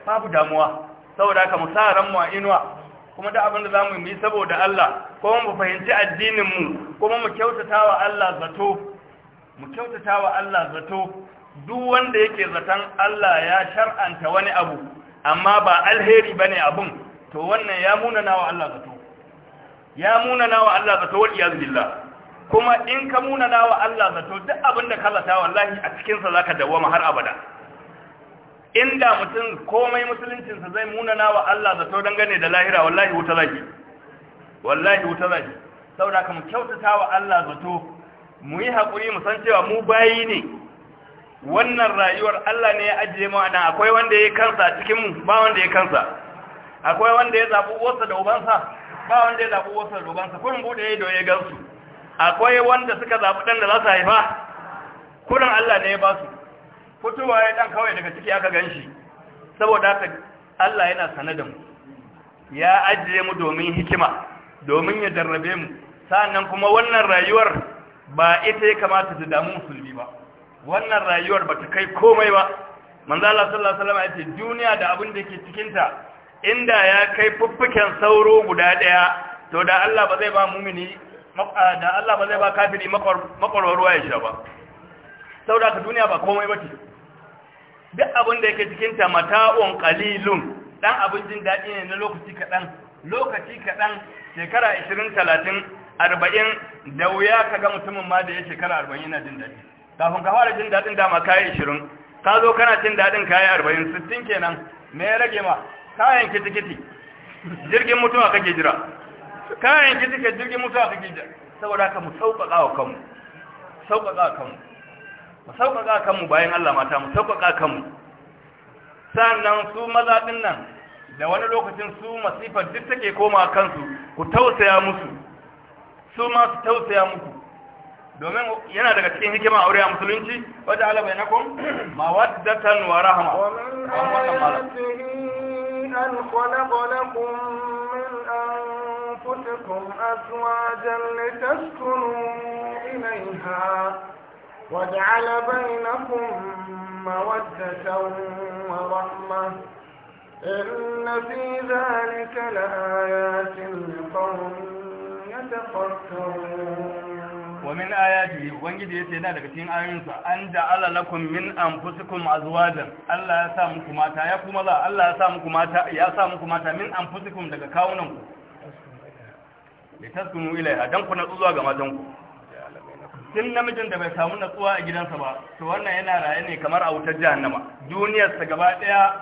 C: babu damuwa saboda haka mu sa ran mu a inuwa kuma da abin da za mu yi saboda Allah kuma mu fahimci addininmu kuma mu kyautata wa Allah zato mu kyautata wa Allah zato duk wanda yake zaton Allah ya shar'anta wani abu amma ba alheri bane abun to wannan ya muna nawa Allah zato ya muna nawa Allah zato wal iyaz billah kuma in ka muna nawa Allah zato duk abin da ka zata wallahi a cikin sa zaka dawwama har abada inda mutum komai musuluncin sa zai muna nawa Allah zato dangane da lahira wallahi wuta zaki wallahi wuta zaki saboda kuma kyautata wa Allah zato mu yi hakuri mu san cewa mu bayi ne wannan rayuwar Allah ne ya ajiye mu anan akwai wanda ya kansa a cikin mu ba wanda ya kansa akwai wanda ya zabu wasa da ubansa ba wanda ya zabu wasa da ubansa kun bude ido da ya gansu akwai wanda suka zabu dan da za su haifa kullum Allah ne ya ba su fituwa ya dan kawai daga ciki aka ganshi saboda haka Allah yana sanadin mu ya ajiye mu domin hikima domin ya jarrabe mu sa'annan kuma wannan rayuwar ba ita ya kamata ta damu musulmi ba wannan rayuwar ba ta kai komai ba manzo Allah sallallahu alaihi wasallam ya ce duniya da abin da ke cikin ta inda ya kai fuffuken sauro guda daya to da Allah ba zai ba mumini da Allah ba zai ba kafiri makwarwarwa ya sha ba saboda ka duniya ba komai ba ce duk abin da yake cikin ta mata'un qalilun dan abin jin daɗi ne na lokaci kaɗan lokaci kadan shekara 20 30 40 da wuya kaga mutumin ma da ya shekara 40 yana jin daɗi kafin ka fara jin daɗin dama kayi ishirin ka zo kana jin daɗin kayi arba'in sittin kenan me ya rage ma kayan kitikiti jirgin mutuwa kake jira kayan kitikiti jirgin mutuwa kake jira saboda haka mu sauƙaƙa wa kanmu sauƙaƙa kanmu mu sauƙaƙa kanmu bayan Allah mata mu sauƙaƙa kanmu sannan su maza ɗin nan da wani lokacin su masifar duk take koma kansu ku tausaya musu su ma su tausaya muku domin yana daga cikin hikima aure a musulunci wajen wa rahama
B: أن خلق لكم من أنفسكم أزواجا لتسكنوا إليها وجعل بينكم مودة ورحمة إن في ذلك لآيات لقوم يتفكرون
C: wa min ayati ubangiji yace yana daga cikin ayoyinsa an ja'ala lakum min anfusikum azwajan Allah ya sa muku mata ya kuma za Allah ya sa muku mata ya sa muku mata min anfusikum daga kawunan ku litaskunu ilaiha dan ku natsu zuwa ga matan ku tun namijin da bai samu natsuwa a gidansa ba to wannan yana raye ne kamar a wutar jahannama sa gaba daya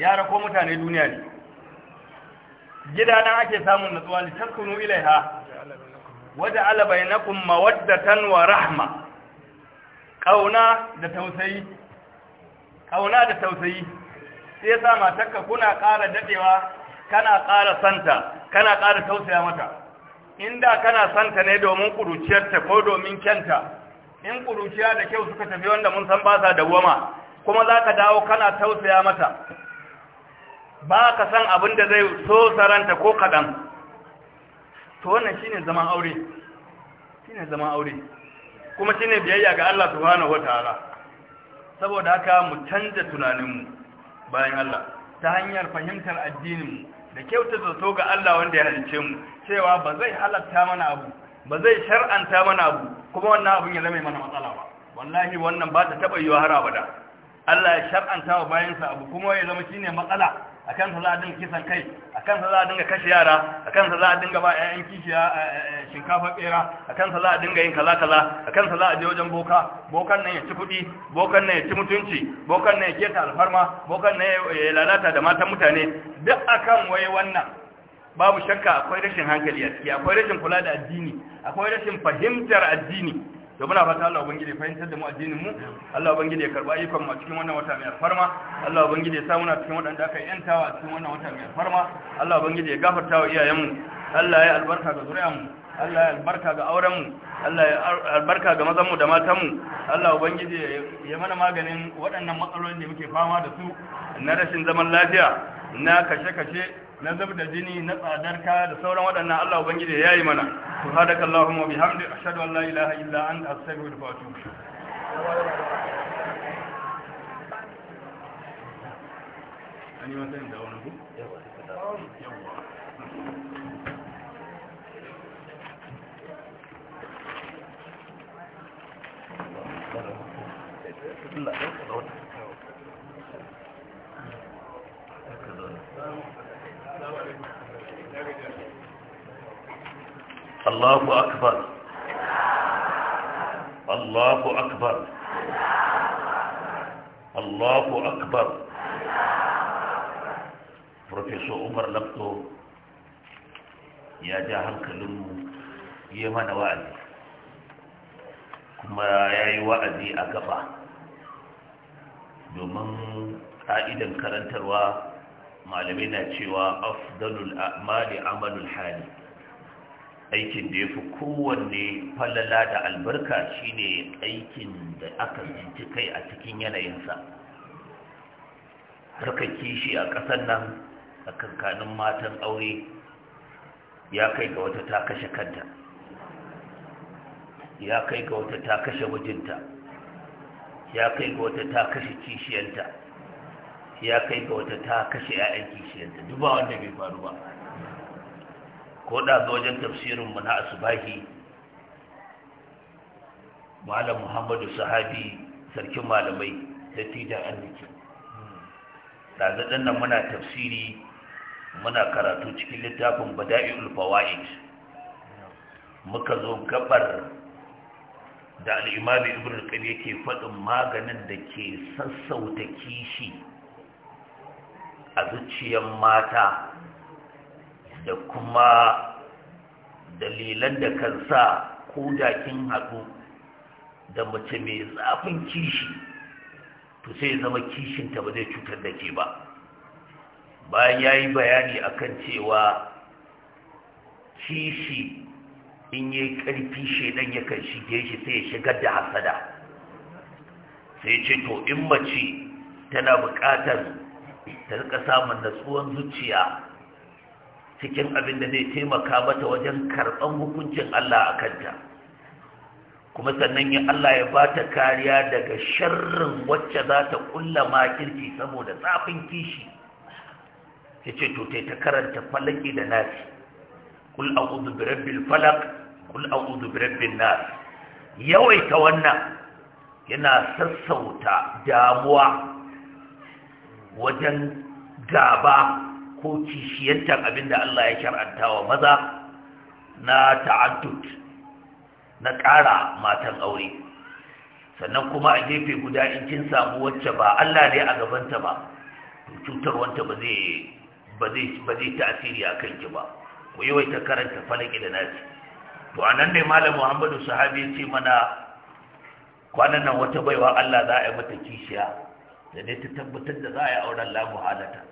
C: ya rako mutane duniya ne gida ake samun natsuwa litaskunu ilaiha wada alabai na kuma waddatan wa rahma kauna da tausayi kauna da tausayi sai ya sa matakka kuna ƙara daɗewa kana ƙara santa kana ƙara tausaya mata inda kana santa ne domin ƙuruciyarta ko domin kyanta in ƙuruciya da kyau suka tafi wanda mun san ba sa dawwama kuma za ka dawo kana tausaya mata ba ka san abin da zai so saranta ko kaɗan to wannan shine zaman aure shine zaman aure kuma shine biyayya ga Allah subhanahu wataala saboda haka mu canza tunaninmu bayan Allah ta hanyar fahimtar addininmu da kyauta zato ga Allah wanda ya halice mu cewa ba zai halatta mana abu ba zai shar'anta mana abu kuma wannan abun ya zama mana matsala ba wallahi wannan ba ta taba yiwa har abada Allah ya shar'anta wa bayansa abu kuma ya zama shine matsala a kansa za a dinga kisan kai a kansa za a dinga kashe yara a kansa za a dinga ba 'ya'yan kishiya shinkafa bera a kansa za a dinga yin kaza kaza a kansa za a je wajen boka bokan nan ya ci kuɗi bokan nan ya ci mutunci bokan nan ya keta alfarma bokan nan ya lalata da matan mutane duk akan waye wannan babu shakka akwai rashin hankali a ciki akwai rashin kula da addini akwai rashin fahimtar addini to muna fata Allah ubangiji fahimtar da mu addinin mu Allah ubangiji ya karba ikon mu cikin wannan wata mai alfarma Allah ubangiji ya sa muna cikin wadanda aka yantawa a cikin wannan wata mai alfarma Allah ubangiji ya gafarta wa iyayen mu Allah ya albarka ga zuriyar mu Allah ya albarka ga auren mu Allah ya albarka ga mazan mu da matan mu Allah ubangiji ya mana maganin waɗannan matsalolin da muke fama da su na rashin zaman lafiya na kashe-kashe na zub da jini na tsadar kaya da sauran waɗannan Allah ubangiji ya yi mana subhanaka allahumma bihamdi ashhadu an la ilaha illa anta astaghfiruka wa atubu
D: Ani da wani ku? Yawa. Yawa. Allah
A: Allahu akbar Allahu akbar Allahu akbar Professor Umar Lapto ya ja hankalinmu ya mana wa'azi kuma ya yi wa'azi a gaba domin ƙa'idan karantarwa malamai na cewa afdalul a'mali amalul hali aikin da ya fi kowanne falala da albarka shine aikin da aka zinci kai a cikin yanayinsa harkar kishi a ƙasar nan a kankanin matan aure ya kai ga wata ta kashe kanta ya kai ga wata ta kashe mijinta ya kai ga wata ta kashe kishiyanta ya kai ga wata ta kashe 'ya'yan kishiyanta duba wanda bai faru ba ko da ga wajen mu na asubahi malam muhammadu sahabi sarkin malamai da tijan arziki ɗazaɗin nan muna tafsiri muna karatu cikin littafin bada'i'ul fawa'id muka zo gabar da al'imami ibn al yake faɗin maganin da ke sassauta kishi a zuciyar mata da kuma dalilan da kan sa ko da haɗu da mace mai zafin kishi to sai zama kishinta ba zai cutar da ke ba bayan ya yi bayani akan cewa kishi in yi ƙarfi shaidan yakan shige shi sai ya shigar da hasada sai ce to in mace tana buƙatar ta rika samun natsuwan zuciya cikin abin da zai taimaka mata wajen karɓan hukuncin Allah a kanta kuma sannan ya Allah ya ba ta kariya daga sharrin wacce za ta ƙulla makirci saboda tsafin kishi ya ce to ta karanta falaki da nasi kul a bi birabbin falak, kul a bi nasi yawai yawaita wannan yana sassauta damuwa wajen gaba ko kishiyantar abinda Allah ya shar'anta wa maza na ta'addud na ƙara matan aure sannan kuma a gefe guda in kin samu wacce ba Allah ne a gabanta ba cutar wanta ba zai ba zai ba zai tasiri a kanki ba ku yi ta karanta falaki da nasi to nan ne malam Muhammadu sahabi ya ce mana kwanan nan wata baiwa Allah za a yi mata kishiya da ne ta tabbatar da za a yi auren lamu halata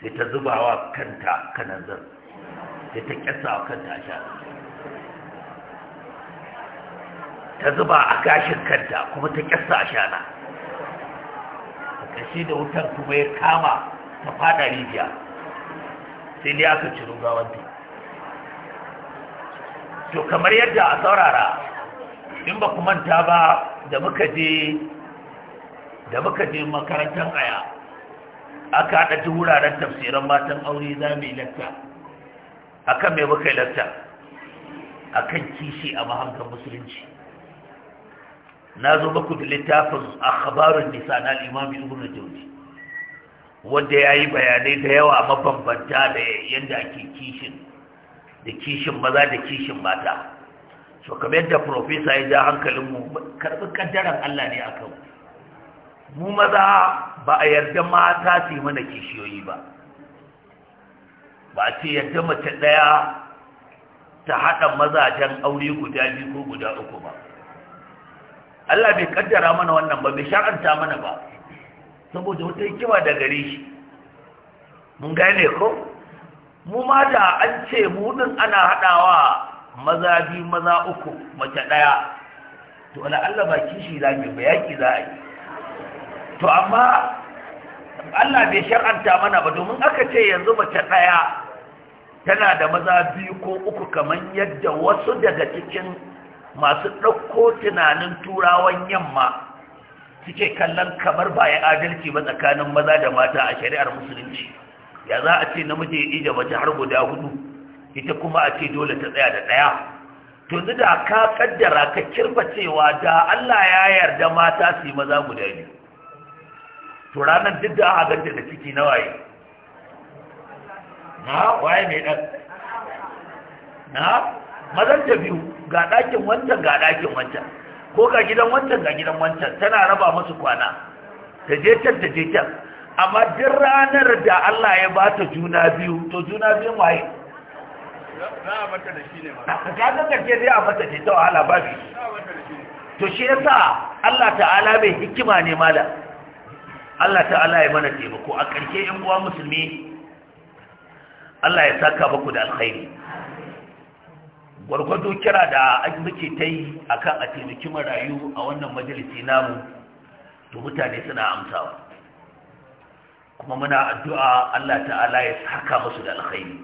A: sai ta zubawa kanta zan sai ta kyasa kanta a sha ta zuba a gashin kanta kuma ta kyasa a shana a kashi da wutar kuma ya kama ta fada rijiya sai dai aka ciro ta. to kamar yadda a saurara in ba ku manta ba da muka je da muka je makarantar aya aka haɗa ta wuraren tafsiran matan aure za mu yi latta a kan mai muka yi a kan kishi a mahankan musulunci na zo maku da littafin a habarin nisa na imam ibn jawzi wanda ya yi bayanai da yawa mabambanta da yadda ake kishin da kishin maza da kishin mata so kamar yadda profesa ya ja hankalinmu karɓi kaddaran allah ne a kanmu mu maza ba a yarda mata su mana kishiyoyi ba ba ce yarda mace daya ta haɗa mazajen aure guda biyu ko guda uku ba Allah bai kaddara mana wannan ba bai sha'anta mana ba saboda wata hikima da gare shi mun gane ko mu ma an ce mu din ana haɗawa maza biyu maza uku mace ɗaya to ala Allah ba kishi za ba yaki za a yi to amma Allah bai shar'anta mana ba domin aka ce yanzu mace ɗaya tana da maza biyu ko uku kamar yadda wasu daga cikin masu ɗauko tunanin turawan yamma suke kallon kamar baya adalci ba tsakanin maza da mata a shari'ar musulunci ya za a ce namiji ya ije mace har guda hudu ita kuma a ce dole ta tsaya da ɗaya to da ka kaddara ka kirba cewa da Allah ya yarda mata su yi maza guda biyu to ranar duk da aka ganta da ciki na waye na waye mai ɗan na mazan ta biyu ga ɗakin wancan ga ɗakin wancan ko ga gidan wancan ga gidan wancan tana raba musu kwana ta je can ta je can amma duk ranar da Allah ya ba ta juna biyu to juna biyu waye
C: za a mata da
A: shi ne ba ka ga kace dai a mata ce ta wahala ba shi to shi yasa Allah ta'ala mai hikima ne malam Allah ta'ala ya mana taimako a ƙarshe yan uwa musulmi Allah ya saka baku da alkhairi gwargwado kira da muke ta yi a kan a taimaki marayu a wannan majalisi namu to mutane suna amsawa kuma muna addu'a Allah ta'ala ya saka musu da alkhairi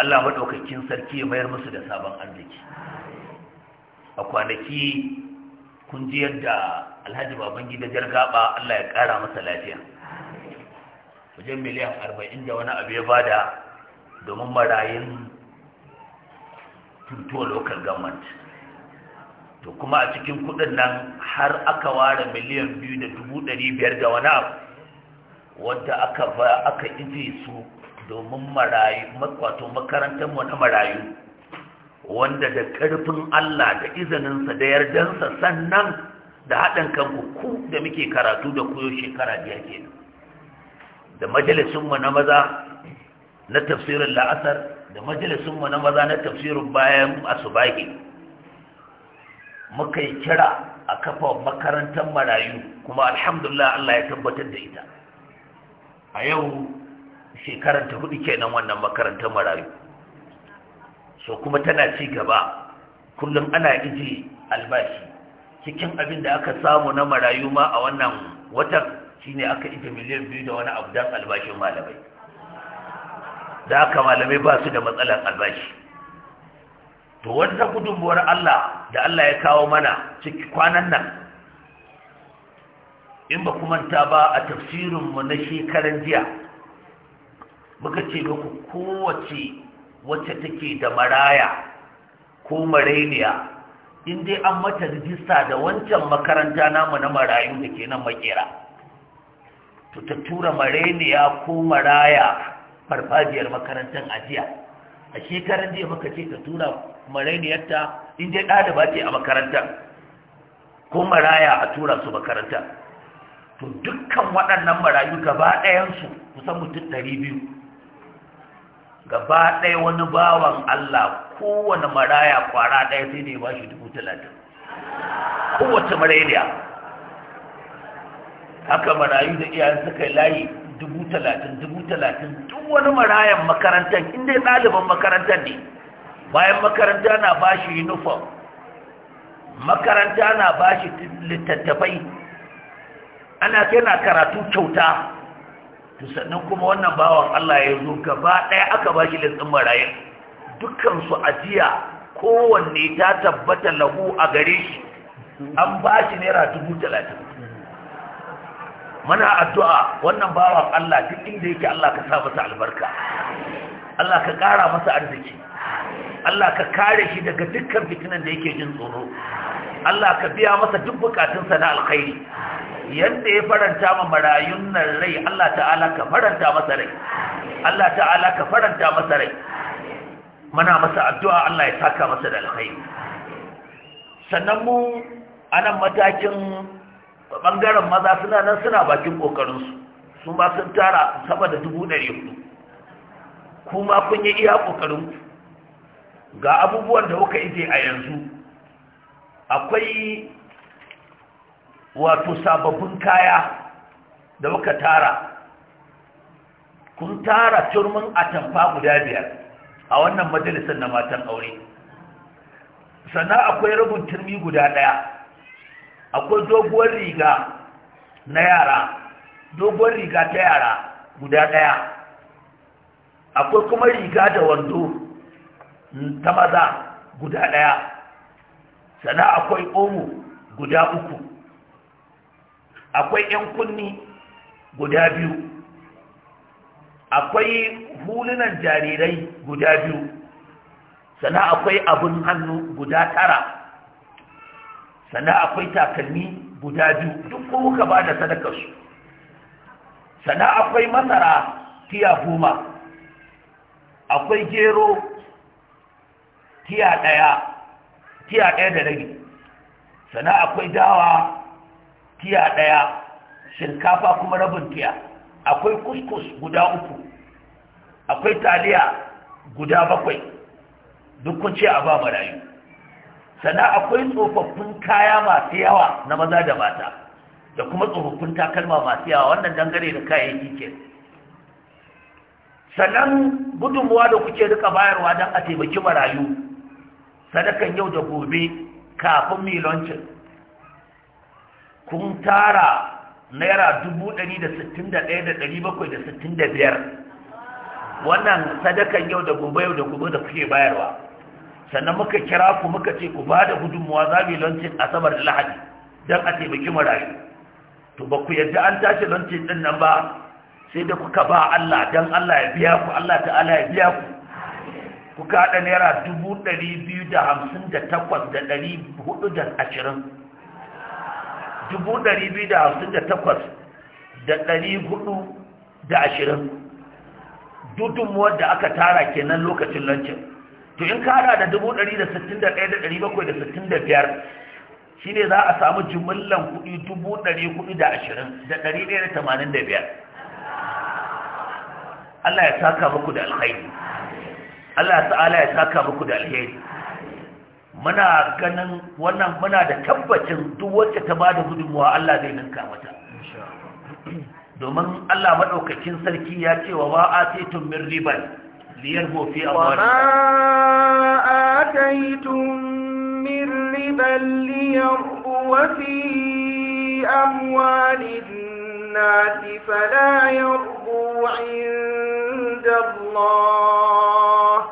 A: Allah maɗaukakin sarki ya mayar musu da sabon arziki a kwanaki kun ji yadda alhaji babangida gaba, Allah ya kara masa lafiya wajen miliyan arba'in da wani abu ya bada domin marayun tuntuwa local government to kuma a cikin kudin nan har aka ware miliyan biyu da dubu dari biyar da wani abu wadda aka aka ije su domin marayu makwato makarantar mu na marayu wanda da ƙarfin Allah da izininsa da yardansa sannan da haɗin kanku ku da muke karatu da koyo shekara biyar ke da majalisunmu na maza na tafsirin la'asar da majalisunmu na maza na tafsirin bayan asubahi muka yi kira a kafa makarantar marayu kuma alhamdulillah Allah ya tabbatar da ita a yau shekarar ta hudu kenan wannan makarantar marayu so kuma tana ci gaba kullum ana iji albashi cikin abin da aka samu na marayu ma a wannan watan shine aka ije miliyan biyu da wani abu don albashin malamai da aka malamai ba su da matsalar albashi to wata gudunmuwar Allah da Allah ya kawo mana ciki kwanan nan in ba manta ba a tafsirinmu na shekaran jiya muka ce muku kowace wacce take da maraya ko marainiya in dai an mata rijista da wancan makaranta namu na marayu da ke nan makera to ta tura marainiya ko maraya farfajiyar makarantar ajiya a shekarar jiya muka ce ta tura marainiyarta in dai ɗaliba ce a makarantar ko maraya a tura su makarantar to dukkan waɗannan marayu gaba ɗayansu kusan mutum ɗari biyu gaba ɗaya wani bawan Allah kowane maraya kwara ɗaya sai da ya ba shi dubu talatin kowace marayya haka marayu da iyayen suka yi layi dubu talatin dubu talatin duk wani marayan makarantar inda ya ɗaliban makarantar ne bayan makaranta na ba shi uniform makaranta na ba shi littattafai ana yana karatu kyauta to sannan kuma wannan bawan Allah ya zo gaba ɗaya aka ba shi lissin marayun dukansu ajiya kowanne ta tabbata lahu a gare shi an ba shi naira dubu talatin mana addu'a wannan bawan Allah duk inda yake Allah ka sa masa albarka Allah ka ƙara masa arziki Allah ka kare shi daga dukkan fitinan da yake jin tsoro Allah ka biya masa duk bukatunsa na alkhairi yadda ya faranta ma marayun nan rai Allah ta'ala ka faranta masa rai Allah ta'ala ka faranta masa rai muna masa addu'a Allah ya saka masa da alkhairi sannan mu anan matakin bangaren maza suna nan suna bakin kokarin su ba sun tara sama da dubu ɗari hudu kuma kun yi iya kokarin ga abubuwan da kuka ije a yanzu akwai wato sababbin kaya da muka tara kun tara turmin atamfa guda biyar a wannan majalisar na matan aure sannan akwai rabin turmi guda ɗaya akwai doguwar riga na yara doguwar riga ta yara guda ɗaya akwai kuma riga da wando ta maza guda ɗaya sannan akwai omo guda uku akwai yan kunni guda biyu akwai hulunan jarirai guda biyu sannan akwai abin hannu guda tara sannan akwai takalmi guda biyu duk kuka ba da sadaka su. sannan akwai masara tiya goma akwai gero tiya ɗaya tiya ɗaya da rage sannan akwai dawa tiya ɗaya shinkafa kuma rabin tiya akwai kuskus guda uku akwai taliya guda bakwai duk kun ce a ba marayu sannan akwai tsofaffin kaya masu yawa na maza da mata da kuma tsofaffin takalma masu yawa wannan dangane da kayayyaki ke sannan gudunmuwa da kuke rika bayarwa don a taimaki marayu sadakan yau da gobe kafin milancin kun tara naira dubu ɗari da sittin da ɗaya da ɗari bakwai da sittin da biyar wannan sadakan yau da gobe yau da gobe da kuke bayarwa sannan muka kira ku muka ce ku ba da gudunmuwa za mu yi lancin asabar da lahadi don a taimaki marayu to ba ku yadda an tashi lancin ɗin nan ba sai da kuka ba Allah don Allah ya biya ku Allah ta'ala ya biya ku kuka haɗa naira dubu ɗari biyu da hamsin da takwas da ɗari hudu da ashirin dubu ɗari biyu da hamsin da takwas da ɗari hudu da ashirin gudunmuwar da aka tara kenan lokacin lancin to in ka hada da dubu ɗari da sittin da ɗaya da ɗari bakwai da sittin da biyar shi ne za a samu jimillan kuɗi dubu ɗari kuɗi da ashirin da ɗari ɗaya da tamanin da biyar Allah ya saka muku da alkhairi Allah ta'ala ya saka muku da alheri muna ganin wannan muna da tabbacin duk wacce ta ba da gudunmuwa Allah zai ninka mata domin Allah maɗaukakin sarki ya ce wa ba a min riban liyar gofi a wani
B: a taitun min liyar amwalin nasi inda Allah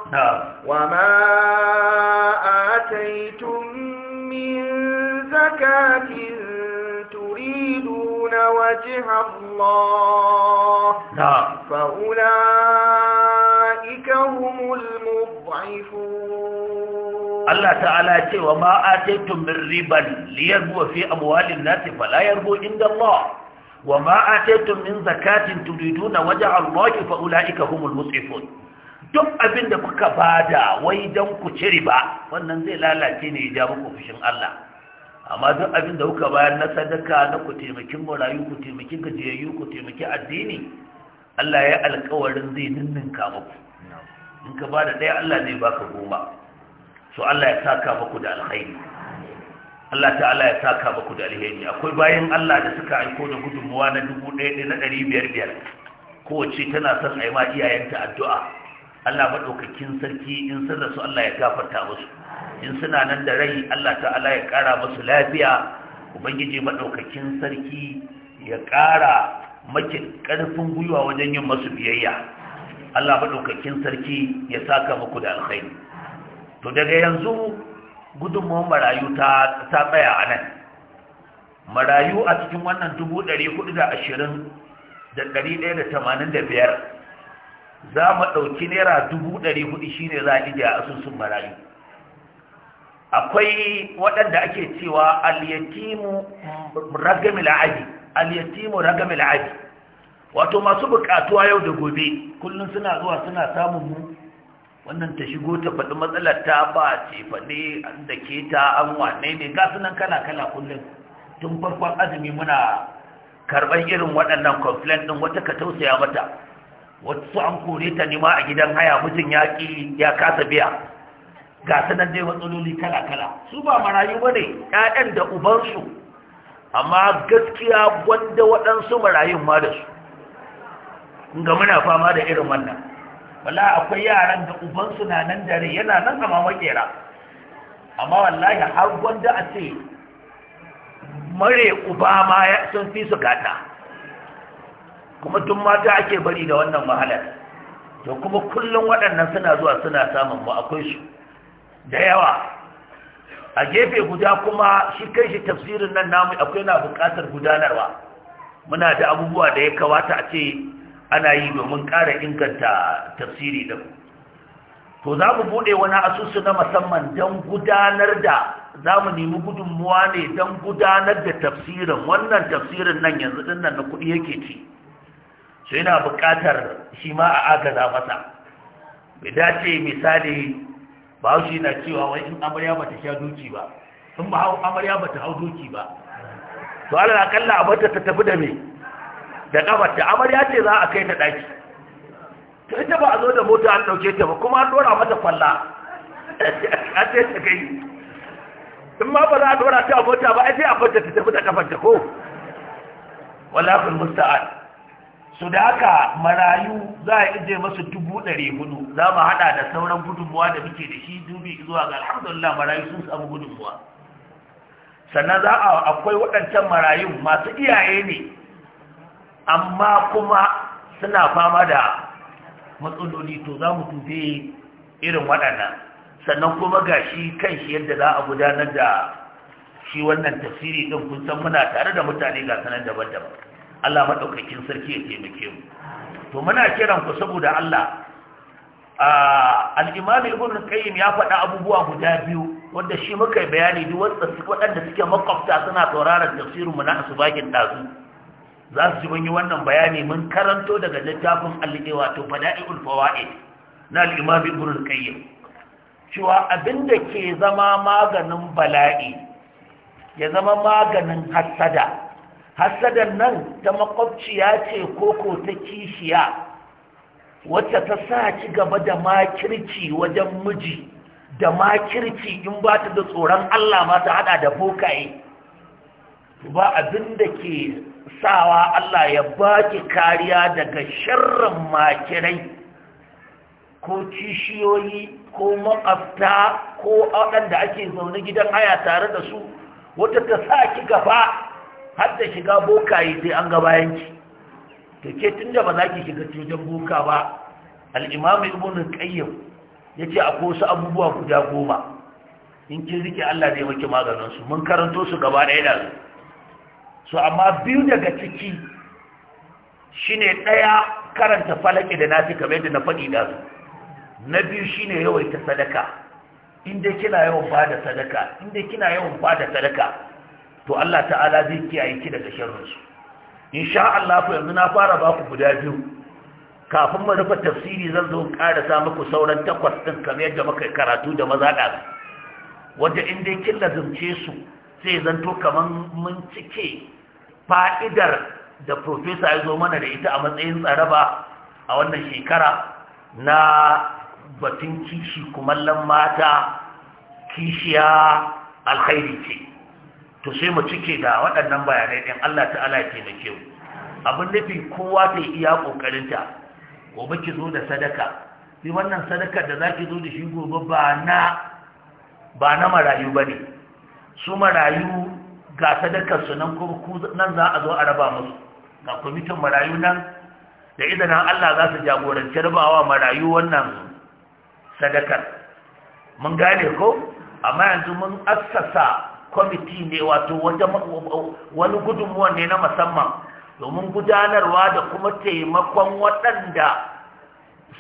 B: ولكن تريدون وجه الله فأولئك هم المضعفون
A: الله تعالى وما آتيتم من ربا ليربو في أموال الناس فلا يربو عند الله وما آتيتم من زكاة تريدون وجه الله فأولئك هم المسعفون duk abin da kuka bada wai don ku ciri ba wannan zai lalace ne ya ja muku fushin Allah amma duk abin da kuka bayar na sadaka na ku taimakin marayu ku taimaki gajiyayyu ku taimaki addini Allah ya alkawarin zai ninninka muku in ka ba da ɗaya Allah zai baka goma so Allah ya saka muku da alkhairi Allah ta'ala ya saka muku da alheri akwai bayan Allah da suka aiko da gudunmuwa na dubu ɗaya ɗaya na ɗari biyar biyar kowace tana son a yi ma iyayenta addu'a Allah maɗaukakin sarki in sun rasu Allah ya gafarta musu in suna nan da rai Allah ta'ala ya ƙara masu lafiya ubangiji maɗaukakin sarki ya ƙara maki ƙarfin gwiwa wajen yin masu biyayya Allah maɗaukakin sarki ya saka muku da alkhairi to daga yanzu gudunmuwan marayu ta tsaya a nan marayu a cikin wannan dubu ɗari huɗu da ashirin da ɗari ɗaya da tamanin da biyar za mu ɗauki naira dubu ɗari hudu shine za a ajiye asusun marayu akwai waɗanda ake cewa al-yatimu ragamil aji al-yatimu ragamil aji wato masu bukatuwa yau da gobe kullun suna zuwa suna samun mu wannan ta shigo ta faɗi matsalar ta ba ce faɗi da ke ta an wane ne ga sunan kala kala kullum tun farkon azumi muna karɓar irin waɗannan complaint din wata ka tausaya mata wasu an kore ta nema a gidan haya mutum ya ya kasa biya ga sanar dai matsaloli kala-kala su ba marayu ba ne ƴaƴan da ubansu amma gaskiya gwanda waɗansu marayun ma da su ga muna fama da irin wannan wala akwai yaran da ubansu na nan dare yana nan kama makera amma wallahi har gwanda a ce mare uba ma sun fi su gata kuma tun mata ake bari da wannan mahalar to kuma kullum waɗannan suna zuwa suna samun mu akwai su da yawa a gefe guda kuma shi kai shi tafsirin nan namu akwai na buƙatar gudanarwa muna da abubuwa da ya kawata a ce ana yi domin ƙara inganta tafsiri da ku. to za mu buɗe wani asusu na musamman don gudanar da za mu nemi gudunmuwa ne don gudanar da tafsirin wannan tafsirin nan yanzu ɗin nan na kuɗi yake ci Sai na buƙatar shi ma a agaza masa bai dace misali ba yi na cewa wai in amarya ba ta sha doki ba sun ba hau amarya ba ta hau doki ba to ala akalla abarta ta tafi da me da ta amarya ce za a kai ta daki to ita ba a zo da mota an dauke ta ba kuma an dora mata falla a ce ta kai in ma ba za a dora ta mota ba ai sai abarta ta tafi da ta ko wallahi musta'an su da haka marayu za a ije masu dubu ɗari hudu za mu haɗa da sauran gudunmuwa da muke da shi dubi zuwa ga alhamdulillah marayu sun samu gudunmuwa sannan za a akwai waɗancan marayu masu iyaye ne amma kuma suna fama da matsaloli to za mu tube irin waɗannan sannan kuma ga shi kan shi yadda za a gudanar da shi wannan tafsiri ɗin kun san muna tare da mutane ga sanar daban-daban Allah maɗaukakin sarki ya taimake mu to muna kiran ku saboda Allah al-imam ibn qayyim ya faɗa abubuwa guda biyu wanda shi muka yi bayani duk waɗanda suke makwabta suna sauraron tafsirinmu na asubakin ɗazu za su ji mun yi wannan bayani mun karanto daga littafin al-iwa to fada'iul fawaid na al-imam ibn qayyim cewa abinda ke zama maganin bala'i ya zama maganin hasada hasadan nan ta makwabciya ce koko ta kishiya wacce ta sa ci gaba da makirci wajen miji da makirci in ba ta da tsoron Allah ma ta hada da bokaye ba abin da ke sawa Allah ya baki kariya daga sharran makirai ko kishiyoyi ko makwabta ko waɗanda ake zaune gidan haya tare da su wata ta sa ki gaba har da shiga bokaye sai an ga bayan ki to ke tunda ba za ki shiga wajen boka ba al-imam ibn qayyim yace akwai wasu abubuwa guda goma in kin rike Allah zai maki maganin su mun karanto su gaba ɗaya da su so amma biyu daga ciki shine ɗaya karanta falaki da nafi kamar yadda na faɗi da su na biyu shine yawaita sadaka inda kina yawan bada sadaka inda kina yawan bada sadaka to Allah ta'ala zai kiyaye ki daga sharrinsu insha Allah ku yanzu na fara ba ku guda biyu kafin mu rufe tafsiri zan zo ƙara sa muku sauran takwas din kamar yadda muka karatu da maza da wanda in dai kin lazumce su sai zanto kaman mun cike fa'idar da profesa ya zo mana da ita a matsayin tsaraba a wannan shekara na batun kishi kumallon mata kishiya alkhairi ce to sai mu cike da waɗannan bayanai ɗin Allah ta'ala ya taimake mu abin nufi kowa ta iya ƙoƙarinta gobe ki zo da sadaka sai wannan sadakar da za ki zo da shi gobe ba na ba marayu ba ne su marayu ga sadakar su nan ko nan za a zo a raba musu ga kwamitin marayu nan da idanan Allah za su jagoranci rabawa marayu wannan sadakar mun gane ko amma yanzu mun assasa kwamiti ne wato wani gudunmuwa ne na musamman domin gudanarwa da kuma taimakon waɗanda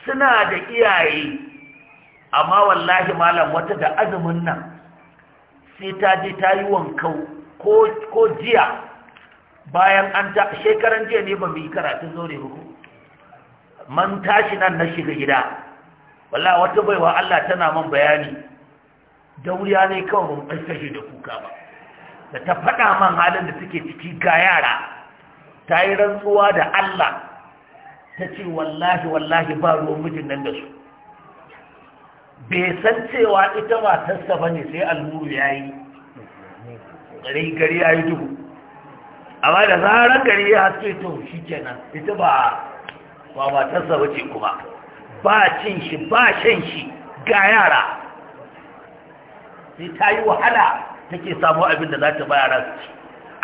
A: suna da iyaye amma wallahi malam wata da azumin nan sai ta je ta yi wankau ko jiya bayan an ta shekaran jiya ne ba mu yi karatun zaure ba man tashi nan na shiga gida wallahi wata baiwa Allah tana man bayani dauriya ne kawai ban fashe da kuka ba da ta faɗa man halin da suke ciki ga yara ta yi rantsuwa da Allah ta ce wallahi wallahi ba ruwan mijin nan da su bai san cewa ita matarsa ba ne sai almuru ya yi gari gari ya yi duhu amma da zarar gari ya haske to shi kenan ita ba ba matarsa ba ce kuma ba cin shi ba shan shi ga yara sai ta yi wahala take samu abin da za ta baya ra su ci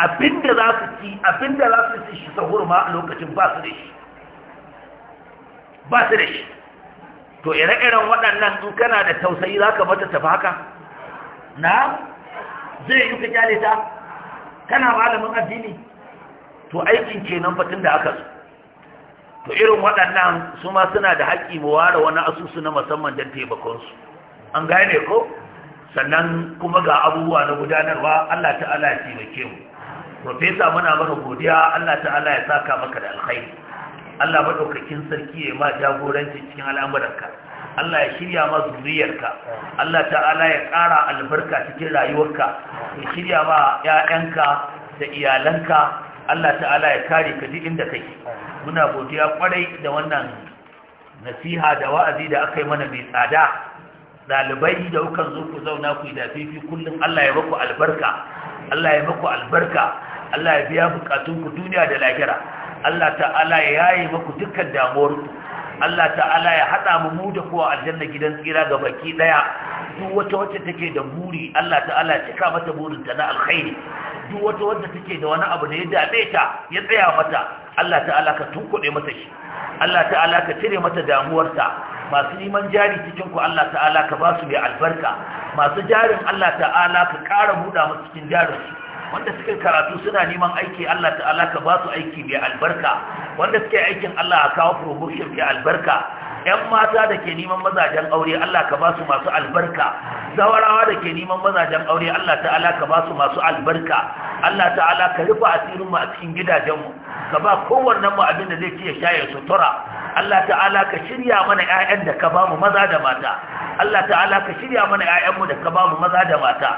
A: abin da za su ci abin da za su ci shi sahur ma a lokacin ba su da shi ba su da shi to ire-iren waɗannan in kana da tausayi za ka mata tafi haka na zai yi ka kyale ta kana malamin addini to aikin kenan fatin da aka su. to irin waɗannan su ma suna da haƙƙi mu ware wani asusu na musamman don taimakonsu an gane ko sannan kuma ga abubuwa na gudanarwa Allah ta'ala ya taimake mu profesa muna mana godiya Allah ta'ala ya saka maka da alkhairi Allah madaukakin sarki ya ma jagoranci cikin al'amuranka Allah ya shirya ma zuriyarka Allah ta'ala ya ƙara albarka cikin rayuwarka ya shirya ma ƴaƴanka da iyalanka Allah ta'ala ya kare ka duk inda kake muna godiya kwarai da wannan nasiha da wa'azi da aka yi mana mai tsada ɗalibai da kukan zo ku zauna ku yi dafifi kullum Allah ya baku albarka Allah ya baku albarka Allah ya biya bukatun ku duniya da lahira Allah ta'ala ya yaye maku dukkan damuwar ku Allah ta'ala ya haɗa mu mu da kowa aljanna gidan tsira ga baki ɗaya duk wata wacce take da buri Allah ta'ala ya cika mata burinta na alkhairi duk wata wadda take da wani abu da ya dame ta ya tsaya mata Allah ta'ala ka tunkuɗe masa shi Allah ta'ala ka cire mata damuwarsa masu neman jari cikin ku Allah ta'ala ka ba su mai albarka masu jarin Allah ta'ala ka ƙara buɗa masu cikin jarin su wanda suke karatu suna neman aiki Allah ta'ala ka ba su aiki mai albarka wanda suke aikin Allah a kawo promotion mai albarka yan mata da ke neman mazajen aure Allah ka ba su masu albarka zawarawa da ke neman mazajen aure Allah ta'ala ka ba su masu albarka Allah ta'ala ka rufe asirin mu a cikin gidajenmu ka ba kowannen mu abin da zai ci ya sha sutura Allah ta'ala ka shirya mana 'ya'yan da ka ba mu maza da mata Allah ta'ala ka shirya mana 'ya'yanmu da ka ba mu maza da mata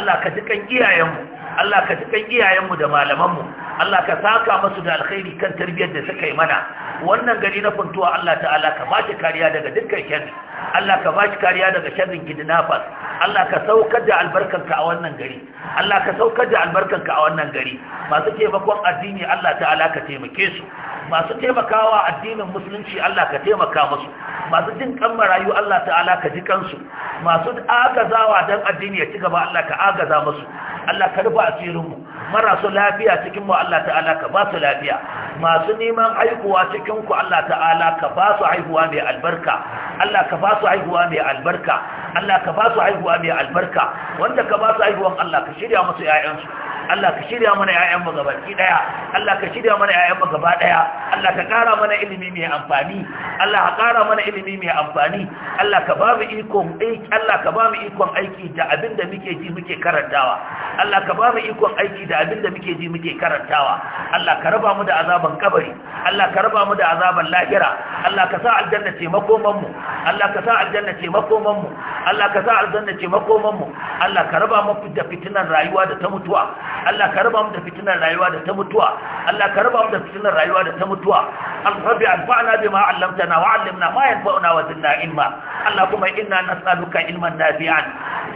A: Allah ka dukan iyayenmu Allah ka cikin iyayenmu da malamanmu Allah ka saka masu da alkhairi kan tarbiyyar da suka yi mana wannan gari na funtuwa Allah ta'ala ka ba kariya daga dukkan sharri Allah ka ba kariya daga sharrin kidnappers Allah ka saukar da albarkanka a wannan gari Allah ka saukar da albarkanka a wannan gari masu taimakon addini Allah ta'ala ka taimake su masu taimakawa addinin musulunci Allah ka taimaka musu masu jin kan marayu Allah ta'ala ka ji kansu masu agazawa dan addini ya ci gaba Allah ka agaza musu Allah ka rufa asirinmu marasu lafiya cikinmu Allah ta'ala ka ba su lafiya masu neman haihuwa cikin ku Allah ta'ala ka ba su haihuwa mai albarka Allah ka ba su haihuwa mai albarka Allah ka ba su haihuwa mai albarka wanda ka ba su haihuwan Allah ka shirya musu 'ya'yansu Allah ka shirya mana ƴaƴanmu mu gabaki daya Allah ka shirya mana ƴaƴanmu mu gaba daya Allah ka ƙara mana ilimi mai amfani Allah ka ƙara mana ilimi mai amfani Allah ka ba mu ikon aiki Allah ka ba ikon aiki da abin da muke ji muke karantawa Allah ka ba mu ikon aiki da abin da muke ji muke karantawa Allah ka raba mu da azaban kabari Allah ka raba mu da azaban lahira Allah ka sa aljanna ce makoman mu Allah ka sa aljanna ce makoman mu Allah ka sa aljanna ce makoman mu Allah ka raba mu da fitinan rayuwa da ta mutuwa Allah ka raba mu da fitinar rayuwa da ta mutuwa Allah ka raba mu da fitinar rayuwa da ta mutuwa rabbi anfa'na bima 'allamtana wa 'allimna ma yanfa'una wa zidna ilma Allahumma inna nas'aluka ilman nafi'an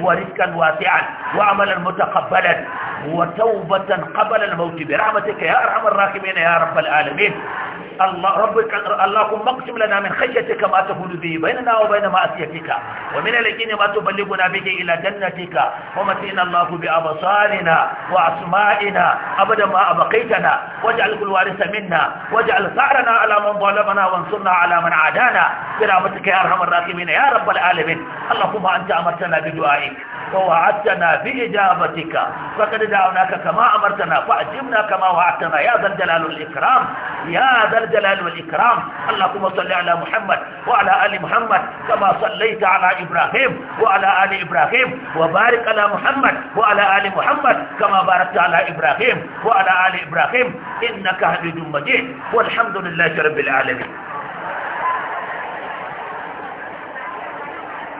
A: wa rizqan wasi'an wa amalan mutaqabbalan wa tawbatan qabla al-maut bi rahmatika ya arhamar rahimin ya rabbal alamin ربك اللهم اقسم لنا من خشيتك ما تفول به بيننا وبين معصيتك ومن اليقين ما تبلغنا به إلى جنتك ومتئنا الله بأبصارنا وأسمائنا أبدا ما أبقيتنا واجعل كل وارث منا واجعل ثأرنا على من ظلمنا وانصرنا على من عادانا برحمتك يا أرحم الراحمين يا رب العالمين اللهم أنت أمرتنا بدعائك ووعدتنا بإجابتك فقد دعوناك كما أمرتنا فأجبنا كما وعدتنا يا ذا الجلال والإكرام يا ذا الجلال والإكرام اللهم صل على محمد وعلى آل محمد كما صليت على إبراهيم وعلى آل إبراهيم وبارك على محمد وعلى آل محمد كما باركت على إبراهيم وعلى آل إبراهيم إنك حميد مجيد والحمد لله رب العالمين